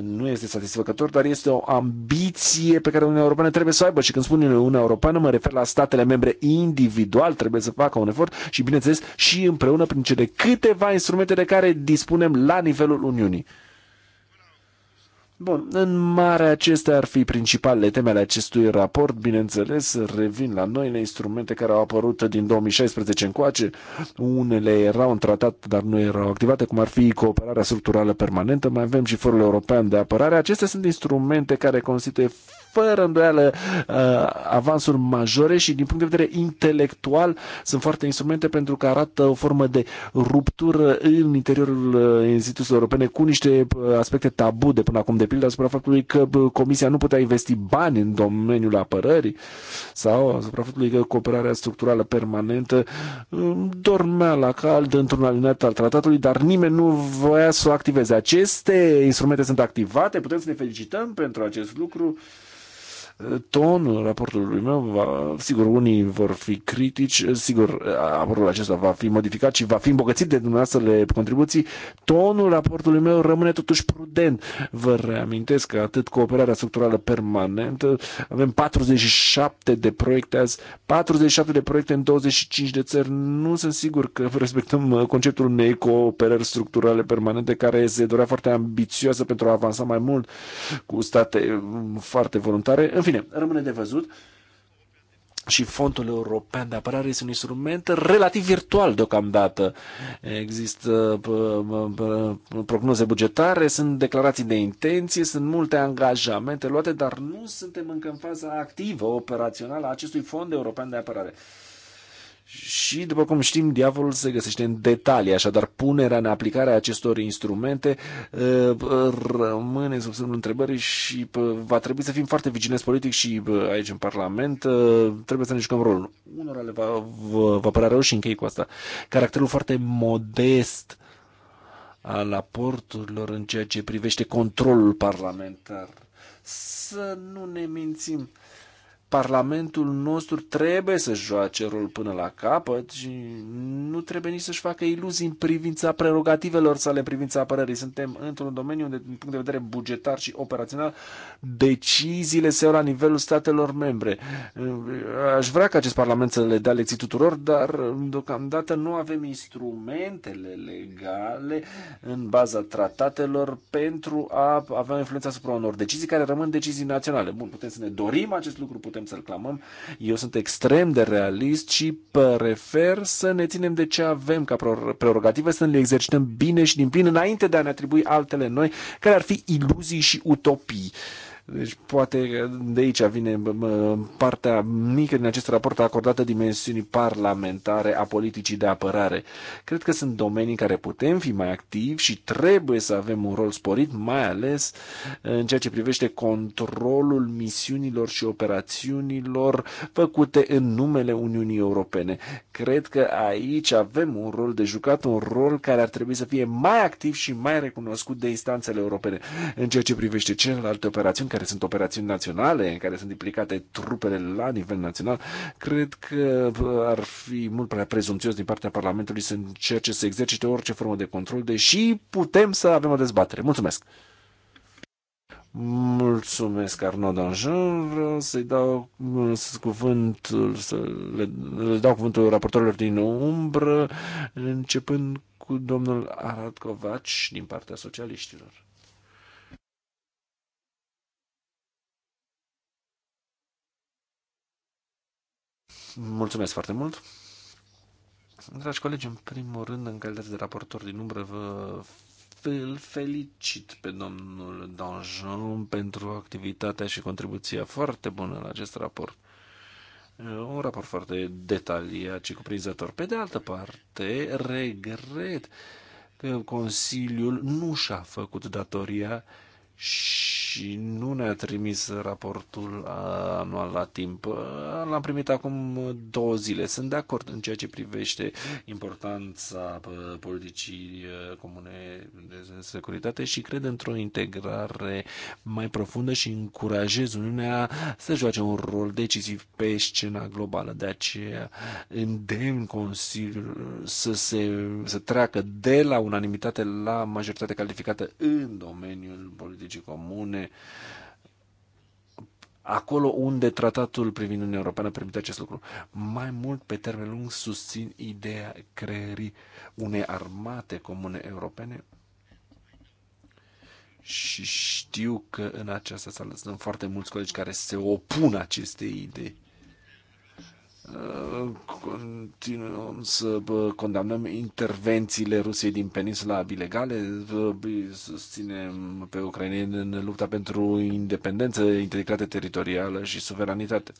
nu este satisfăcător, dar este o ambiție pe care Uniunea Europeană trebuie să o aibă și când spun Uniunea Europeană mă refer la statele membre individual, trebuie să facă un efort și bineînțeles și împreună prin cele câteva instrumente de care dispunem la nivelul Uniunii. Bun, în mare acestea ar fi principalele teme ale acestui raport. Bineînțeles, revin la noile instrumente care au apărut din 2016 încoace. Unele erau în tratat, dar nu erau activate, cum ar fi cooperarea structurală permanentă. Mai avem și Forul European de Apărare. Acestea sunt instrumente care constituie fără îndoială uh, avansuri majore și din punct de vedere intelectual sunt foarte instrumente pentru că arată o formă de ruptură în interiorul uh, instituțiilor europene cu niște uh, aspecte tabu de până acum, de pildă asupra faptului că Comisia nu putea investi bani în domeniul apărării sau asupra faptului că cooperarea structurală permanentă dormea la cald într-un alinat al tratatului, dar nimeni nu voia să o activeze. Aceste instrumente sunt activate, putem să ne felicităm pentru acest lucru tonul raportului meu, va, sigur, unii vor fi critici, sigur, raportul acesta va fi modificat și va fi îmbogățit de dumneavoastră contribuții, tonul raportului meu rămâne totuși prudent. Vă reamintesc că atât cooperarea structurală permanentă, avem 47 de proiecte azi, 47 de proiecte în 25 de țări, nu sunt sigur că [LAUGHS] respectăm conceptul unei cooperări structurale permanente care se dorea foarte ambițioasă pentru a avansa mai mult cu state foarte voluntare. În fine, rămâne de văzut și Fondul European de Apărare este un instrument relativ virtual deocamdată. Există prognoze bugetare, sunt declarații de intenție, sunt multe angajamente luate, dar nu suntem încă în faza activă, operațională a acestui Fond European de Apărare. Și, după cum știm, diavolul se găsește în detalii, așadar punerea în aplicare a acestor instrumente uh, rămâne sub semnul întrebării și uh, va trebui să fim foarte vigilenți politic și uh, aici în Parlament trebuie să ne jucăm rolul. Unora le va, va, va părea rău și închei cu asta. Caracterul foarte modest al aporturilor în ceea ce privește controlul parlamentar. Să nu ne mințim Parlamentul nostru trebuie să joace rol până la capăt și nu trebuie nici să-și facă iluzii în privința prerogativelor sale, în privința apărării. Suntem într-un domeniu unde, din punct de vedere bugetar și operațional, deciziile se iau la nivelul statelor membre. Aș vrea ca acest Parlament să le dea lecții tuturor, dar deocamdată nu avem instrumentele legale în baza tratatelor pentru a avea influența asupra unor decizii care rămân decizii naționale. Bun, putem să ne dorim acest lucru, putem putem să-l clamăm. Eu sunt extrem de realist și prefer să ne ținem de ce avem ca prerogative, să ne exercităm bine și din plin înainte de a ne atribui altele noi, care ar fi iluzii și utopii. Uh, deci poate de aici vine partea mică din acest raport acordată dimensiunii parlamentare a politicii de apărare. Cred că sunt domenii în care putem fi mai activi și trebuie să avem un rol sporit, mai ales uh, în ceea ce privește controlul misiunilor și operațiunilor făcute în numele Uniunii Europene. Cred că aici avem un rol de jucat, un rol care ar trebui să fie mai activ și mai recunoscut de instanțele europene în ceea ce privește celelalte operațiuni care care sunt operațiuni naționale, în care sunt implicate trupele la nivel național, cred că uh, ar fi mult prea prezumțios din partea Parlamentului să încerce să exercite orice formă de control, deși putem să avem o dezbatere. Mulțumesc! Mulțumesc, Arnaud Danjean. Vreau să-i dau uh, să cuvântul, să le, le dau cuvântul raportorilor din umbră, începând cu domnul Arad Covaci din partea socialiștilor. Mulțumesc foarte mult! Dragi colegi, în primul rând, în calitate de raportor din umbră, vă îl felicit pe domnul Danjon pentru activitatea și contribuția foarte bună la acest raport. Un raport foarte detaliat și cuprinzător. Pe de altă parte, regret că Consiliul nu și-a făcut datoria uh, și nu ne-a trimis raportul anual la timp. L-am primit acum două zile. Sunt de acord în ceea ce privește importanța politicii comune de securitate și cred într-o integrare mai profundă și încurajez Uniunea să joace un rol decisiv pe scena globală. De aceea îndemn Consiliul să, se, să treacă de la unanimitate la majoritate calificată în domeniul politicii politicii comune, acolo unde tratatul privind Uniunea Europeană permite acest lucru. Mai mult, pe termen lung, susțin ideea creării unei armate comune europene și știu că în această sală sunt foarte mulți colegi care se opun acestei idei. Continuăm să condamnăm intervențiile Rusiei din peninsula bilegale, susținem pe ucraineni în lupta pentru independență, integritate teritorială și suveranitate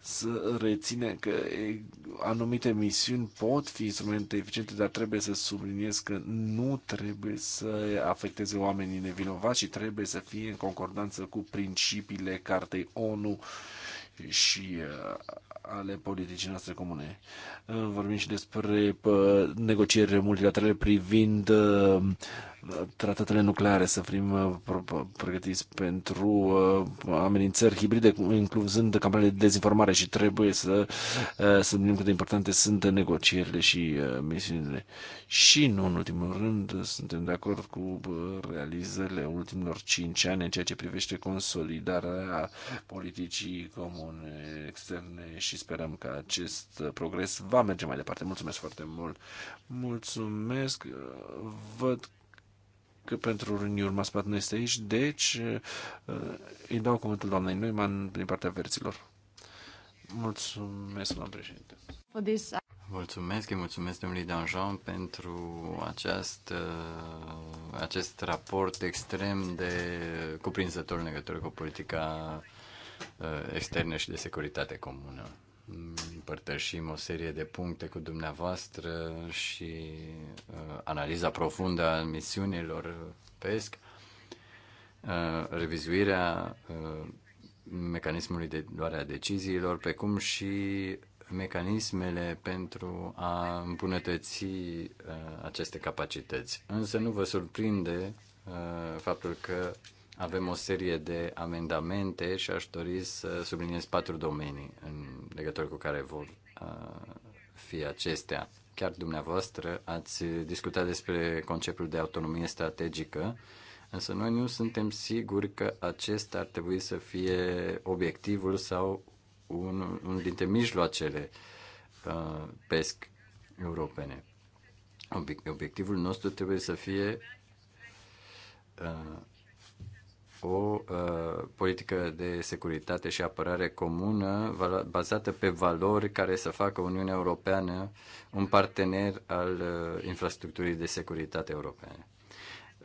să reține că anumite misiuni pot fi instrumente eficiente, dar trebuie să subliniez că nu trebuie să afecteze oamenii nevinovați și trebuie să fie în concordanță cu principiile Cartei ONU și uh, ale politicii noastre comune. Uh, vorbim și despre uh, negocieri multilaterale privind tratatele nucleare, să fim uh, pregătiți pentru uh, amenințări hibride, incluzând campaniile de dezinformare și trebuie să uh, subliniem cât de importante sunt negocierile și misiunile. Și nu în ultimul rând, suntem de acord cu realizările ultimilor cinci ani în ceea ce privește consolidarea politicii comune externe și sperăm că acest progres va merge mai departe. Mulțumesc foarte mult! Mulțumesc! Văd că pentru unii urma nu este aici, deci uh, îi dau cuvântul doamnei Neumann din partea verților. Mulțumesc, doamnă președinte. Mulțumesc, îi mulțumesc domnului Danjean pentru acest acest raport extrem de cuprinzător în legătură cu politica uh, externă și de securitate comună împărtășim o serie de puncte cu dumneavoastră și uh, analiza profundă a misiunilor uh, PESC, uh, revizuirea uh, mecanismului de luare a deciziilor, precum și mecanismele pentru a îmbunătăți uh, aceste capacități. Însă nu vă surprinde uh, faptul că avem o serie de amendamente și aș dori să subliniez patru domenii în legătură cu care vor uh, fi acestea. Chiar dumneavoastră ați discutat despre conceptul de autonomie strategică, însă noi nu suntem siguri că acesta ar trebui să fie obiectivul sau unul, dintre mijloacele uh, pesc europene. Obiectivul nostru trebuie să fie uh, o uh, politică de securitate și apărare comună bazată pe valori care să facă Uniunea Europeană un partener al uh, infrastructurii de securitate europene.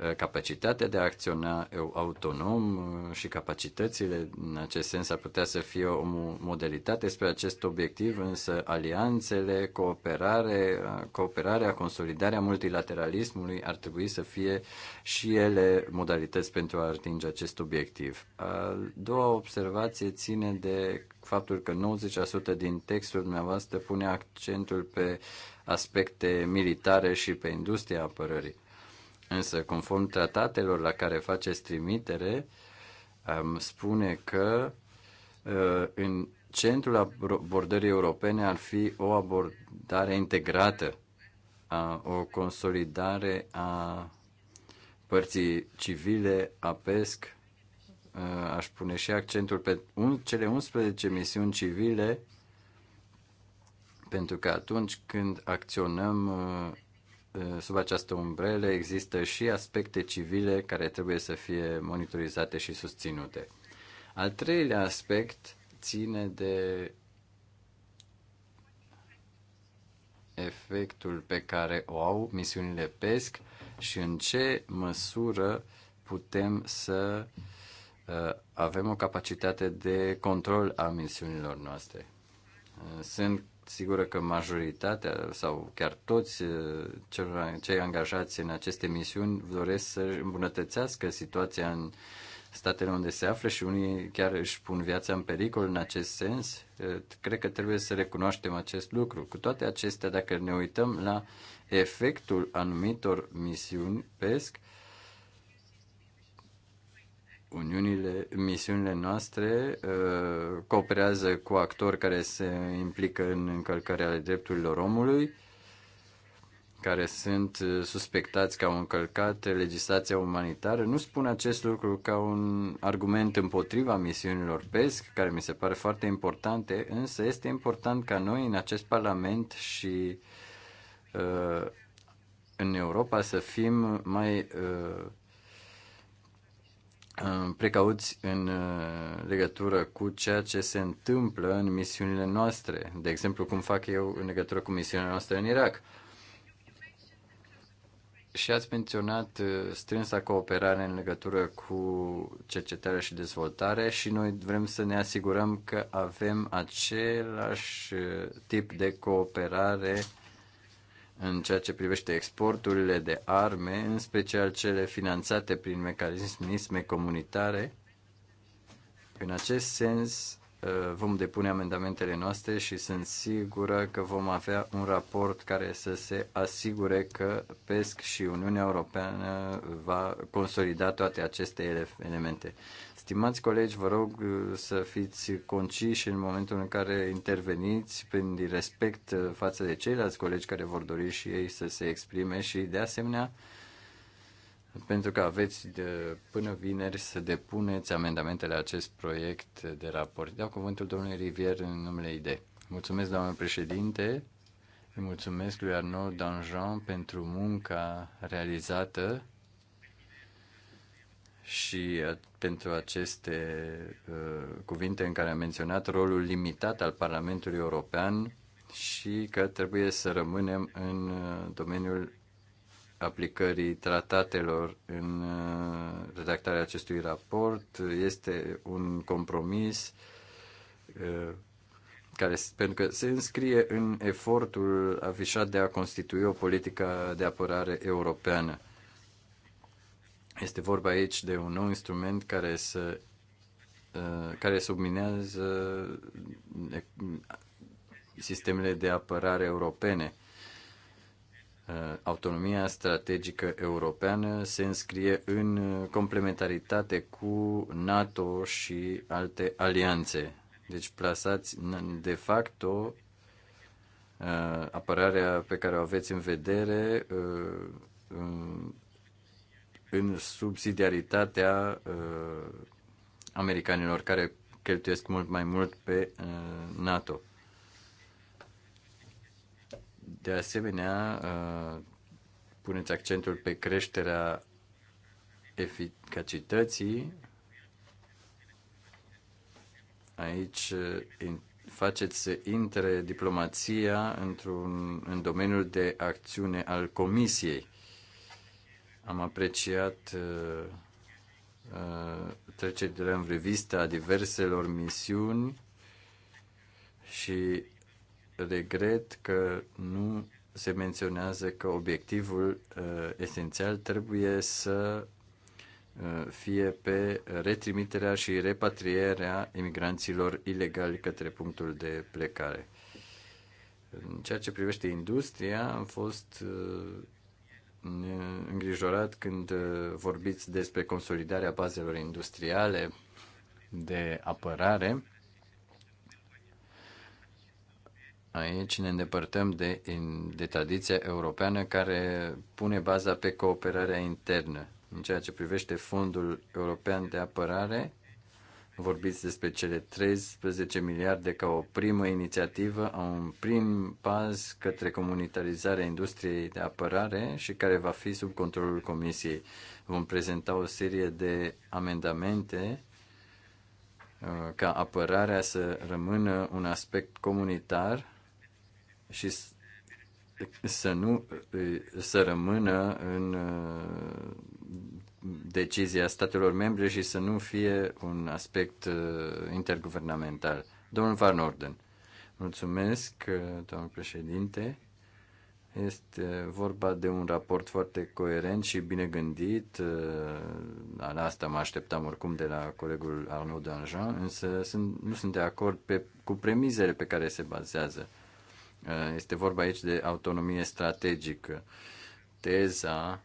Uh, capacitatea de a acționa autonom uh, și capacitățile în acest sens ar putea să fie o modalitate spre acest obiectiv, însă alianțele, cooperare, uh, cooperarea, consolidarea multilateralismului ar trebui să fie și ele modalități pentru a atinge acest obiectiv. A doua observație ține de faptul că 90% din textul dumneavoastră pune accentul pe aspecte militare și pe industria apărării Însă, conform tratatelor la care faceți trimitere, spune că uh, în centrul abordării europene ar fi o abordare integrată, o consolidare a părții civile a PESC. Uh, aș pune și accentul pe un, cele 11 misiuni civile, pentru că atunci când acționăm uh, Uh, sub această umbrelă există și aspecte civile care trebuie să fie monitorizate și susținute. Al treilea aspect ține de efectul pe care o au misiunile PESC și în ce măsură putem să uh, avem o capacitate de control a misiunilor noastre. Uh, sunt sigură că majoritatea sau chiar toți uh, cei angajați în aceste misiuni doresc să îmbunătățească situația în statele unde se află și unii chiar își pun viața în pericol în acest sens. Uh, cred că trebuie să recunoaștem acest lucru. Cu toate acestea, dacă ne uităm la efectul anumitor misiuni PESC, Uniunile, misiunile noastre uh, cooperează cu actori care se implică în încălcarea ale drepturilor omului, care sunt uh, suspectați că au încălcat legislația umanitară. Nu spun acest lucru ca un argument împotriva misiunilor PESC, care mi se pare foarte importante, însă este important ca noi în acest Parlament și uh, în Europa să fim mai uh, Uh, precauți în uh, legătură cu ceea ce se întâmplă în misiunile noastre, de exemplu cum fac eu în legătură cu misiunea noastră în Irak. Și ați menționat uh, strânsa cooperare în legătură cu cercetarea și dezvoltare și noi vrem să ne asigurăm că avem același tip de cooperare în ceea ce privește exporturile de arme, în special cele finanțate prin mecanisme comunitare. În acest sens, Uh, vom depune amendamentele noastre și sunt sigură că vom avea un raport care să se asigure că PESC și Uniunea Europeană va consolida toate aceste elemente. Stimați colegi, vă rog uh, să fiți conciși în momentul în care interveniți prin respect uh, față de ceilalți colegi care vor dori și ei să se exprime și de asemenea pentru că aveți de, până vineri să depuneți amendamentele la acest proiect de raport. Dau cuvântul domnului Rivier în numele ID. Mulțumesc, doamnă președinte. Îi mulțumesc lui Arnaud Danjean pentru munca realizată și pentru aceste uh, cuvinte în care a menționat rolul limitat al Parlamentului European și că trebuie să rămânem în uh, domeniul aplicării tratatelor în uh, redactarea acestui raport. Este un compromis uh, care, pentru că se înscrie în efortul afișat de a constitui o politică de apărare europeană. Este vorba aici de un nou instrument care să uh, care subminează sistemele de apărare europene Uh, autonomia strategică europeană se înscrie în uh, complementaritate cu NATO și alte alianțe. Deci plasați de facto uh, apărarea pe care o aveți în vedere în subsidiaritatea americanilor care cheltuiesc mult mai mult pe NATO. De asemenea, uh, puneți accentul pe creșterea eficacității. Aici uh, faceți să intre diplomația într-un, în domeniul de acțiune al Comisiei. Am apreciat uh, uh, trecerile în revistă a diverselor misiuni și regret că nu se menționează că obiectivul uh, esențial trebuie să uh, fie pe retrimiterea și repatrierea imigranților ilegali către punctul de plecare. În ceea ce privește industria, am fost uh, îngrijorat când uh, vorbiți despre consolidarea bazelor industriale de apărare. Aici ne îndepărtăm de, de tradiția europeană care pune baza pe cooperarea internă. În ceea ce privește Fondul European de Apărare, vorbiți despre cele 13 miliarde ca o primă inițiativă, un prim pas către comunitarizarea industriei de apărare și care va fi sub controlul Comisiei. Vom prezenta o serie de amendamente uh, ca apărarea să rămână un aspect comunitar și să nu să rămână în uh, decizia statelor membre și să nu fie un aspect uh, interguvernamental. Domnul Van Orden, mulțumesc, uh, domnul președinte. Este vorba de un raport foarte coerent și bine gândit. La asta mă așteptam oricum de la colegul Arnaud Danjean, însă sunt, nu sunt de acord pe, cu premizele pe care se bazează Uh, este vorba aici de autonomie strategică. Teza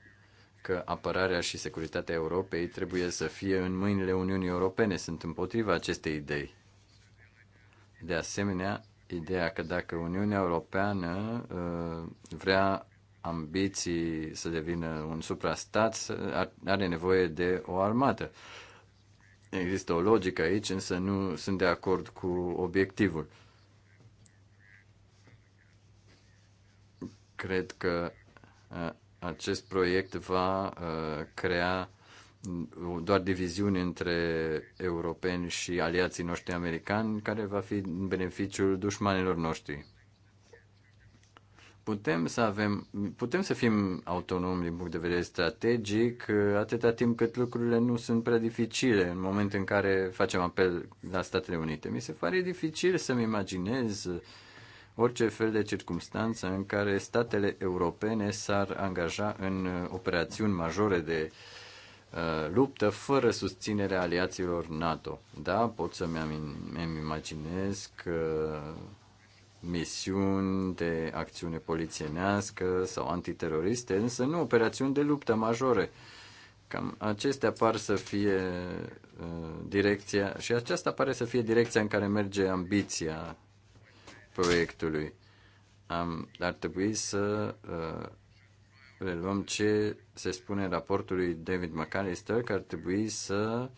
că apărarea și securitatea Europei trebuie să fie în mâinile Uniunii Europene. Sunt împotriva acestei idei. De asemenea, ideea că dacă Uniunea Europeană uh, vrea ambiții să devină un suprastat, are nevoie de o armată. Există o logică aici, însă nu sunt de acord cu obiectivul. Cred că acest proiect va crea doar diviziuni între europeni și aliații noștri americani, care va fi în beneficiul dușmanilor noștri. Putem să avem, putem să fim autonomi din punct de vedere strategic atâta timp cât lucrurile nu sunt prea dificile în momentul în care facem apel la Statele Unite. Mi se pare dificil să-mi imaginez orice fel de circunstanță în care statele europene s-ar angaja în uh, operațiuni majore de uh, luptă fără susținerea aliaților NATO. Da, pot să-mi -am imaginez că misiuni de acțiune polițienească sau antiteroriste, însă nu operațiuni de luptă majore. Cam acestea par să fie uh, direcția și aceasta pare să fie direcția în care merge ambiția proiectului. Am, ar trebui să uh, reluăm ce se spune în raportul lui David McAllister, că ar trebui să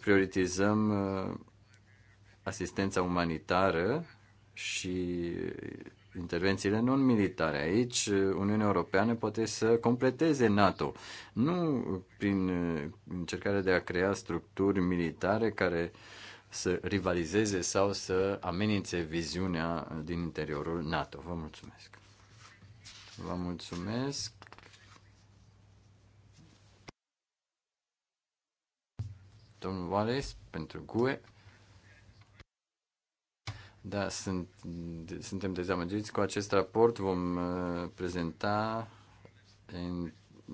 prioritizăm uh, asistența umanitară și intervențiile non-militare. Aici uh, Uniunea Europeană poate să completeze NATO, nu prin uh, încercarea de a crea structuri militare care uh, să rivalizeze sau să amenințe viziunea din interiorul NATO. Vă mulțumesc. Vă mulțumesc. Domnul Wallace pentru GUE. Da, sunt, suntem dezamăgiți. Cu acest raport vom uh, prezenta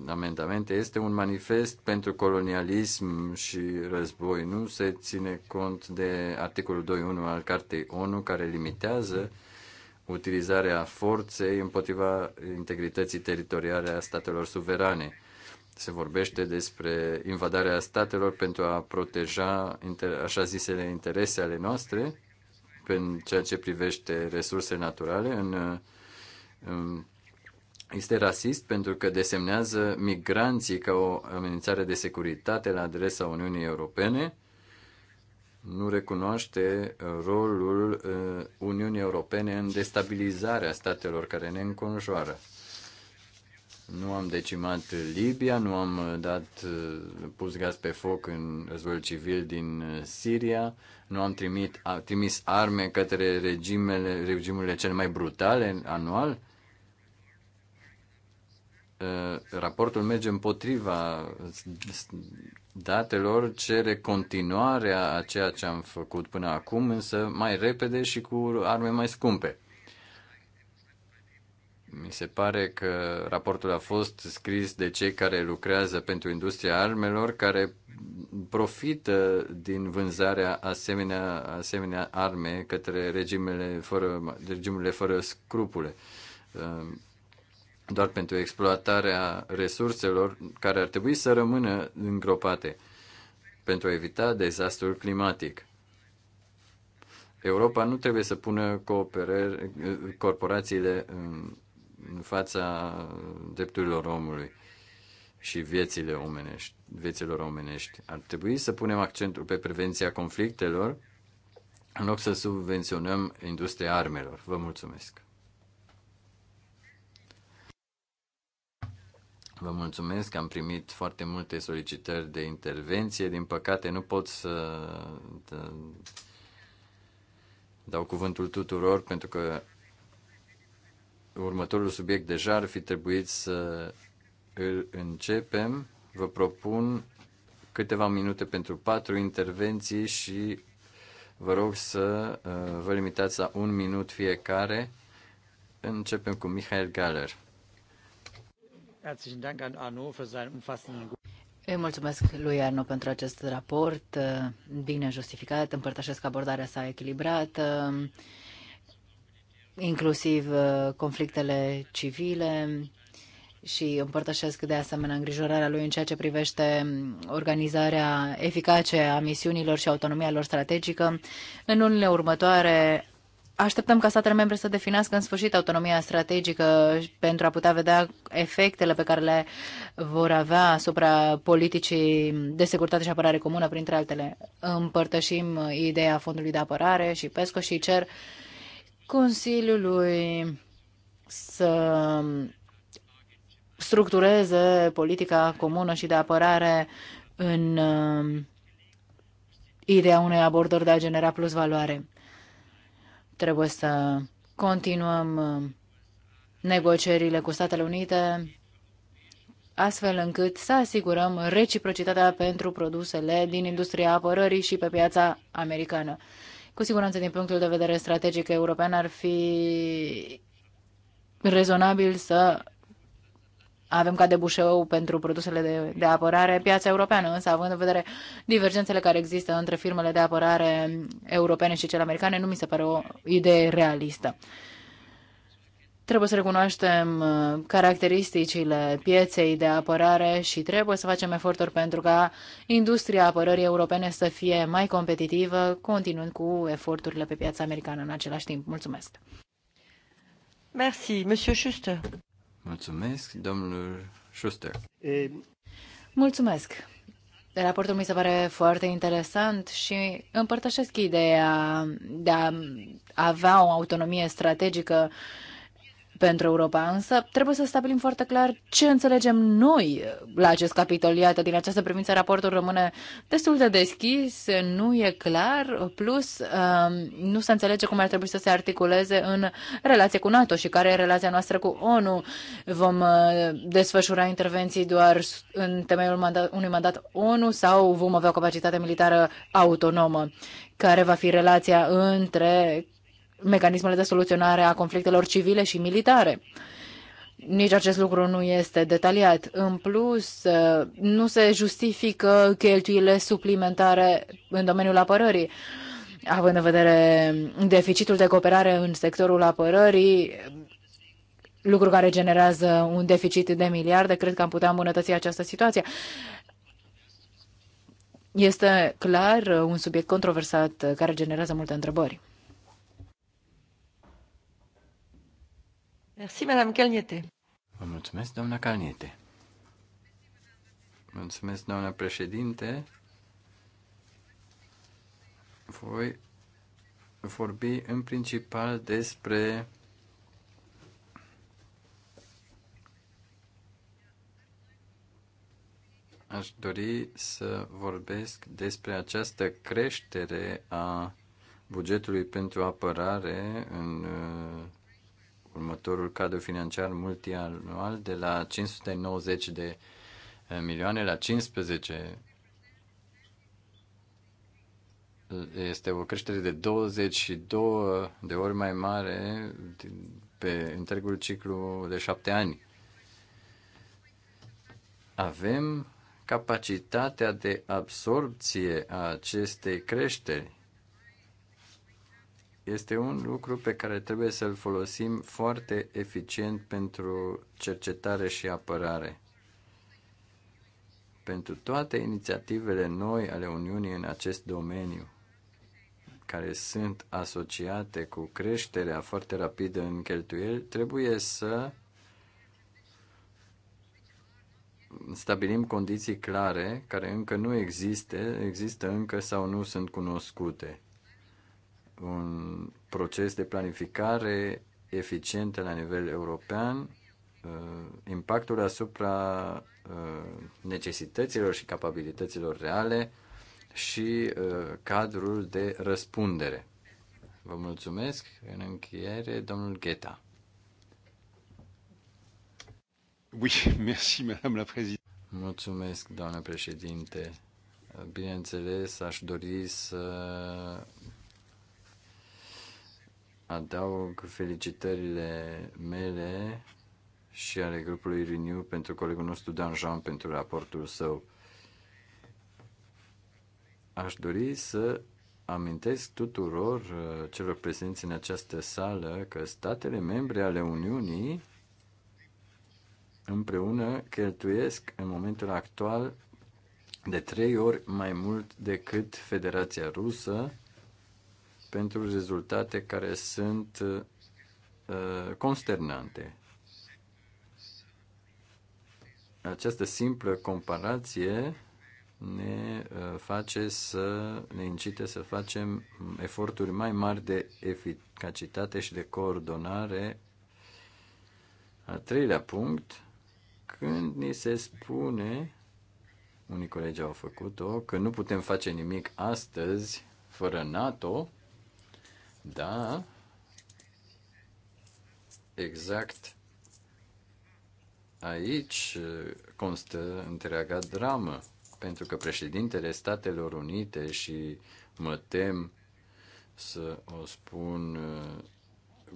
amendamente este un manifest pentru colonialism și război. Nu se ține cont de articolul 2.1 al Cartei ONU care limitează utilizarea forței împotriva integrității teritoriale a statelor suverane. Se vorbește despre invadarea statelor pentru a proteja așa zisele interese ale noastre, în ceea ce privește resurse naturale, în, în este rasist pentru că desemnează migranții ca o amenințare de securitate la adresa Uniunii Europene, nu recunoaște uh, rolul uh, Uniunii Europene în destabilizarea statelor care ne înconjoară. Nu am decimat Libia, nu am uh, dat, pus gaz pe foc în războiul civil din Siria, nu am trimit, a, trimis arme către regimele, regimurile cele mai brutale anual, Uh, raportul merge împotriva datelor, cere continuarea a ceea ce am făcut până acum, însă mai repede și cu arme mai scumpe. Mi se pare că raportul a fost scris de cei care lucrează pentru industria armelor, care profită din vânzarea asemenea, asemenea arme către regimele fără, regimurile fără scrupule. Uh, doar pentru exploatarea resurselor care ar trebui să rămână îngropate pentru a evita dezastrul climatic. Europa nu trebuie să pună corporațiile în fața drepturilor omului și viețile omenești, vieților omenești. Ar trebui să punem accentul pe prevenția conflictelor în loc să subvenționăm industria armelor. Vă mulțumesc. Vă mulțumesc am primit foarte multe solicitări de intervenție. Din păcate, nu pot să dau cuvântul tuturor pentru că următorul subiect deja ar fi trebuit să îl începem. Vă propun câteva minute pentru patru intervenții și vă rog să uh, vă limitați la un minut fiecare. Începem cu Mihail Galer. Herzlichen Dank an Arno für seinen umfassenden îi mulțumesc lui Arno pentru acest raport eh, bine justificat, împărtășesc abordarea sa echilibrată, eh, inclusiv eh, conflictele civile și împărtășesc de asemenea îngrijorarea lui în ceea ce privește mm, organizarea eficace a misiunilor și autonomia lor strategică. În unele următoare Așteptăm ca statele membre să definească în sfârșit autonomia strategică pentru a putea vedea efectele pe care le vor avea asupra politicii de securitate și apărare comună, printre altele. Împărtășim ideea Fondului de Apărare și PESCO și cer Consiliului să structureze politica comună și de apărare în uh, ideea unei abordări de a genera plus valoare. Trebuie să continuăm uh, negocierile cu Statele Unite astfel încât să asigurăm reciprocitatea pentru produsele din industria apărării și pe piața americană. Cu siguranță, din punctul de vedere strategic european, ar fi rezonabil să avem ca debușeu pentru produsele de, de apărare piața europeană, însă având în vedere divergențele care există între firmele de apărare europene și cele americane, nu mi se pare o idee realistă. Trebuie să recunoaștem uh, caracteristicile pieței de apărare și trebuie să facem eforturi pentru ca industria apărării europene să fie mai competitivă, continuând cu eforturile pe piața americană în același timp. Mulțumesc! Merci, Monsieur Schuster. Mulțumesc, domnul Schuster. E... Mulțumesc. Raportul mi se pare foarte interesant și împărtășesc ideea de a avea o autonomie strategică pentru Europa, însă trebuie să stabilim foarte clar ce înțelegem noi la acest capitol. Iată, din această privință raportul rămâne destul de deschis, nu e clar, plus um, nu se înțelege cum ar trebui să se articuleze în relație cu NATO și care e relația noastră cu ONU. Vom uh, desfășura intervenții doar în temeiul mandat, unui mandat ONU sau vom avea o capacitate militară autonomă? Care va fi relația între mecanismele de soluționare a conflictelor civile și militare. Nici acest lucru nu este detaliat. În plus, nu se justifică cheltuielile suplimentare în domeniul apărării. Având în vedere deficitul de cooperare în sectorul apărării, lucru care generează un deficit de miliarde, cred că am putea îmbunătăți această situație. Este clar un subiect controversat care generează multe întrebări. Merci, Madame Calniete. Vă mulțumesc, doamna Calniete. Mulțumesc, doamna președinte. Voi vorbi în principal despre aș dori să vorbesc despre această creștere a bugetului pentru apărare în uh, următorul cadru financiar multianual de la 590 de eh, milioane la 15 este o creștere de 22 de ori mai mare pe întregul ciclu de șapte ani. Avem capacitatea de absorpție a acestei creșteri este un lucru pe care trebuie să-l folosim foarte eficient pentru cercetare și apărare. Pentru toate inițiativele noi ale Uniunii în acest domeniu, care sunt asociate cu creșterea foarte rapidă în cheltuieli, trebuie să stabilim condiții clare care încă nu există, există încă sau nu sunt cunoscute un proces de planificare eficientă la nivel european, uh, impactul asupra uh, necesităților și capabilităților reale și uh, cadrul de răspundere. Vă mulțumesc. În încheiere, domnul Gheta. Oui, merci, madame la présidente. Mulțumesc, doamnă președinte. Bineînțeles, aș dori să adaug felicitările mele și ale grupului Renew pentru colegul nostru Dan Jean pentru raportul său. Aș dori să amintesc tuturor uh, celor prezenți în această sală că statele membre ale Uniunii împreună cheltuiesc în momentul actual de trei ori mai mult decât Federația Rusă pentru rezultate care sunt uh, consternante. Această simplă comparație ne uh, face să ne incite să facem eforturi mai mari de eficacitate și de coordonare. A treilea punct, când ni se spune, unii colegi au făcut-o, că nu putem face nimic astăzi fără NATO, da. Exact. Aici uh, constă întreaga dramă, pentru că președintele Statelor Unite și mă tem să o spun, uh,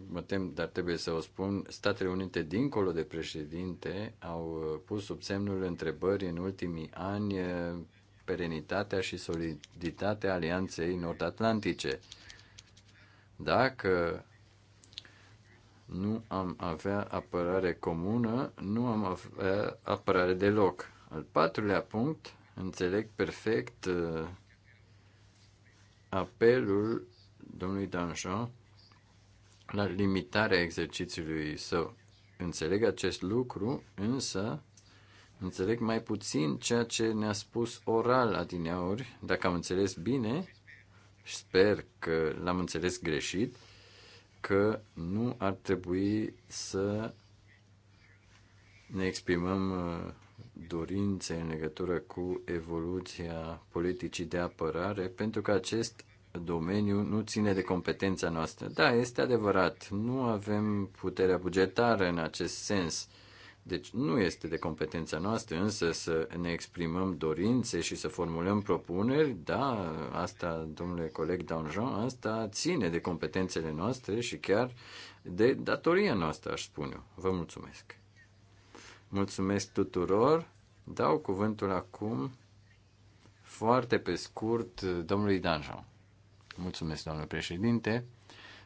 mă tem, dar trebuie să o spun, Statele Unite, dincolo de președinte, au uh, pus sub semnul întrebării în ultimii ani perenitatea și soliditatea Alianței Nord-Atlantice dacă nu am avea apărare comună, nu am avea apărare deloc. Al patrulea punct, înțeleg perfect uh, apelul domnului Danjean la limitarea exercițiului său. Înțeleg acest lucru, însă înțeleg mai puțin ceea ce ne-a spus oral adineauri. Dacă am înțeles bine, și sper că l-am înțeles greșit, că nu ar trebui să ne exprimăm uh, dorințe în legătură cu evoluția politicii de apărare, pentru că acest domeniu nu ține de competența noastră. Da, este adevărat, nu avem puterea bugetară în acest sens. Deci nu este de competența noastră însă să ne exprimăm dorințe și să formulăm propuneri, da, asta, domnule coleg Danjean, asta ține de competențele noastre și chiar de datoria noastră, aș spune eu. Vă mulțumesc. Mulțumesc tuturor. Dau cuvântul acum foarte pe scurt domnului Danjean. Mulțumesc, domnule președinte.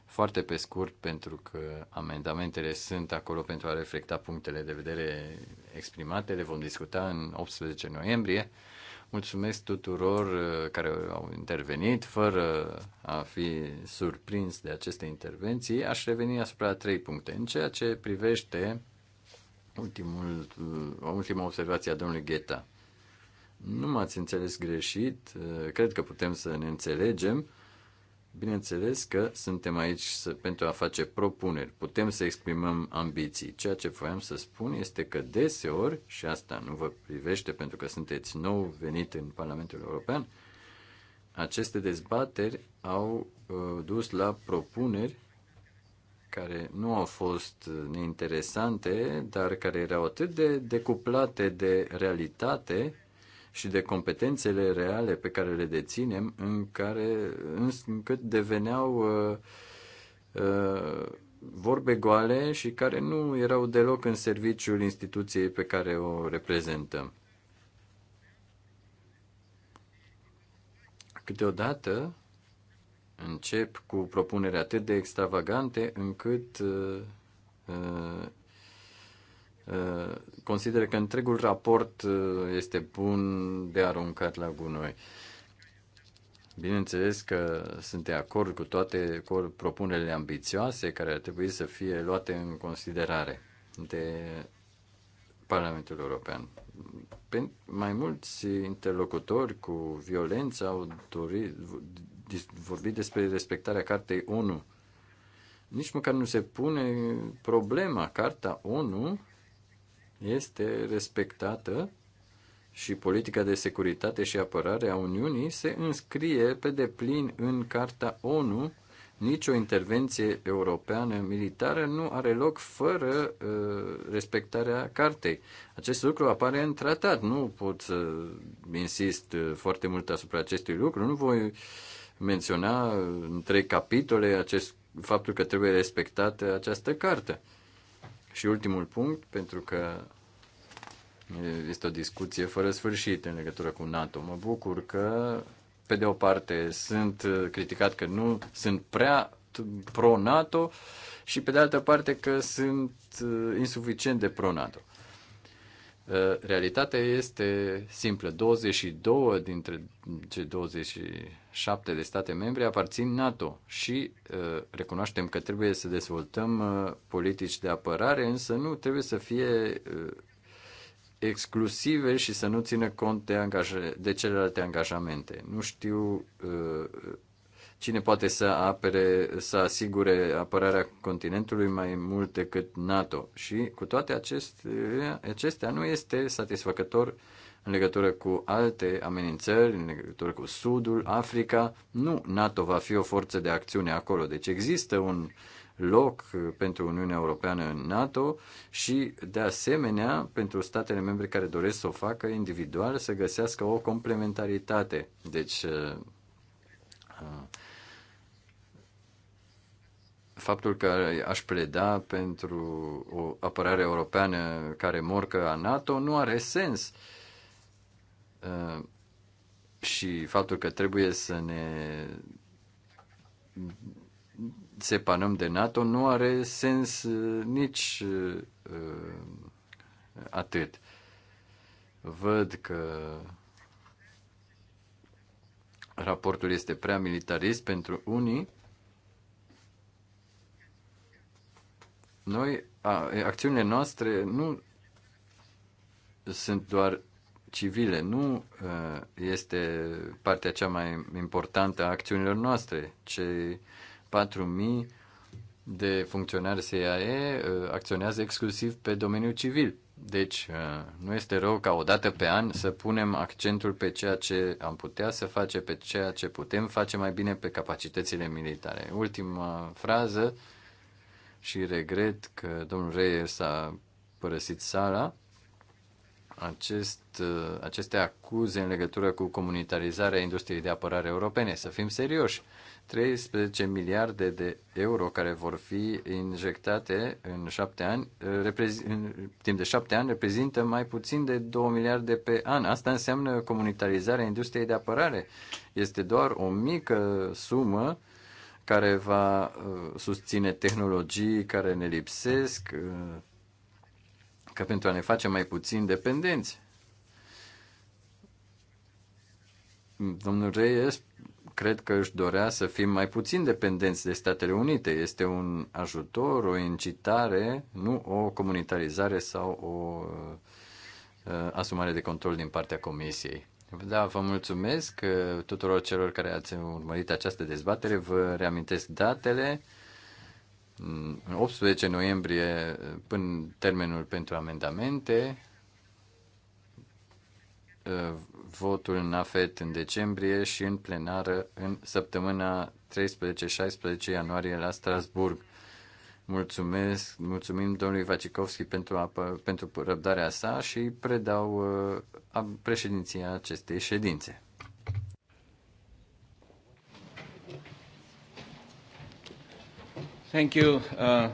Foarte pe scurt, pentru că amendamentele sunt acolo pentru a reflecta punctele de vedere exprimate, le vom discuta în 18 noiembrie. Mulțumesc tuturor uh, care au intervenit, fără a fi surprins de aceste intervenții. Aș reveni asupra trei puncte. În ceea ce privește ultimul, uh, ultima observație a domnului Gheta. Nu m-ați înțeles greșit, uh, cred că putem să ne înțelegem. Bineînțeles că suntem aici să, pentru a face propuneri, putem să exprimăm ambiții. Ceea ce voiam să spun este că deseori, și asta nu vă privește pentru că sunteți nou venit în Parlamentul European, aceste dezbateri au uh, dus la propuneri care nu au fost uh, neinteresante, dar care erau atât de decuplate de realitate și de competențele reale pe care le deținem, în care încât deveneau uh, uh, vorbe goale și care nu erau deloc în serviciul instituției pe care o reprezentăm. Câteodată încep cu propuneri atât de extravagante încât uh, Uh, consideră că întregul raport uh, este bun de aruncat la gunoi. Bineînțeles că sunt de acord cu toate propunerile ambițioase care ar trebui să fie luate în considerare de Parlamentul European. Mai mulți interlocutori cu violență au dorit, vorbit despre respectarea Cartei ONU. Nici măcar nu se pune problema. Carta ONU este respectată și politica de securitate și apărare a Uniunii se înscrie pe deplin în Carta ONU. Nicio intervenție europeană militară nu are loc fără uh, respectarea cartei. Acest lucru apare în tratat. Nu pot să insist uh, foarte mult asupra acestui lucru. Nu voi menționa în trei capitole acest, faptul că trebuie respectată această carte. Și ultimul punct, pentru că este o discuție fără sfârșit în legătură cu NATO. Mă bucur că, pe de o parte, sunt criticat că nu sunt prea pro-NATO și, pe de altă parte, că sunt uh, insuficient de pro-NATO. Uh, realitatea este simplă. 22 dintre cei 27 de state membre aparțin NATO și uh, recunoaștem că trebuie să dezvoltăm politici de apărare, însă nu trebuie să fie exclusive și să nu țină cont de, angaj- de celelalte angajamente. Nu știu uh, cine poate să apere, să asigure apărarea continentului mai mult decât NATO. Și cu toate acestea, acestea nu este satisfăcător în legătură cu alte amenințări, în legătură cu Sudul, Africa. Nu, NATO va fi o forță de acțiune acolo. Deci există un uh, loc uh, pentru Uniunea Europeană în NATO și, de asemenea, pentru statele membre care doresc să o facă individual, să găsească o complementaritate. Deci, uh, uh, faptul că aș pleda pentru o apărare europeană care morcă a NATO nu are sens. Și faptul că trebuie să ne separăm de NATO nu are sens uh, nici uh, atât. Văd că raportul este prea militarist pentru unii. Noi, a, acțiunile noastre nu sunt doar civile, nu uh, este partea cea mai importantă a acțiunilor noastre. ci 4.000 de funcționari SAE uh, acționează exclusiv pe domeniul civil. Deci, uh, nu este rău ca o dată pe an să punem accentul pe ceea ce am putea să face, pe ceea ce putem face mai bine, pe capacitățile militare. Ultima frază și regret că domnul Reyes a părăsit sala acest, uh, aceste acuze în legătură cu comunitarizarea industriei de apărare europene. Să fim serioși, 13 miliarde de euro care vor fi injectate în șapte ani, uh, în timp de șapte ani, reprezintă mai puțin de 2 miliarde pe an. Asta înseamnă comunitarizarea industriei de apărare. Este doar o mică sumă care va uh, susține tehnologii care ne lipsesc, ca pentru a ne face mai puțin dependenți. Domnul Reyes cred că își dorea să fim mai puțin dependenți de Statele Unite. Este un ajutor, o incitare, nu o comunitarizare sau o uh, asumare de control din partea Comisiei. Da, vă mulțumesc uh, tuturor celor care ați urmărit această dezbatere. Vă reamintesc datele. 18 noiembrie până termenul pentru amendamente, votul în AFET în decembrie și în plenară în săptămâna 13-16 ianuarie la Strasburg. Mulțumesc, mulțumim domnului Vacikovski pentru, apă, pentru răbdarea sa și predau uh, președinția acestei ședințe. Thank you, uh,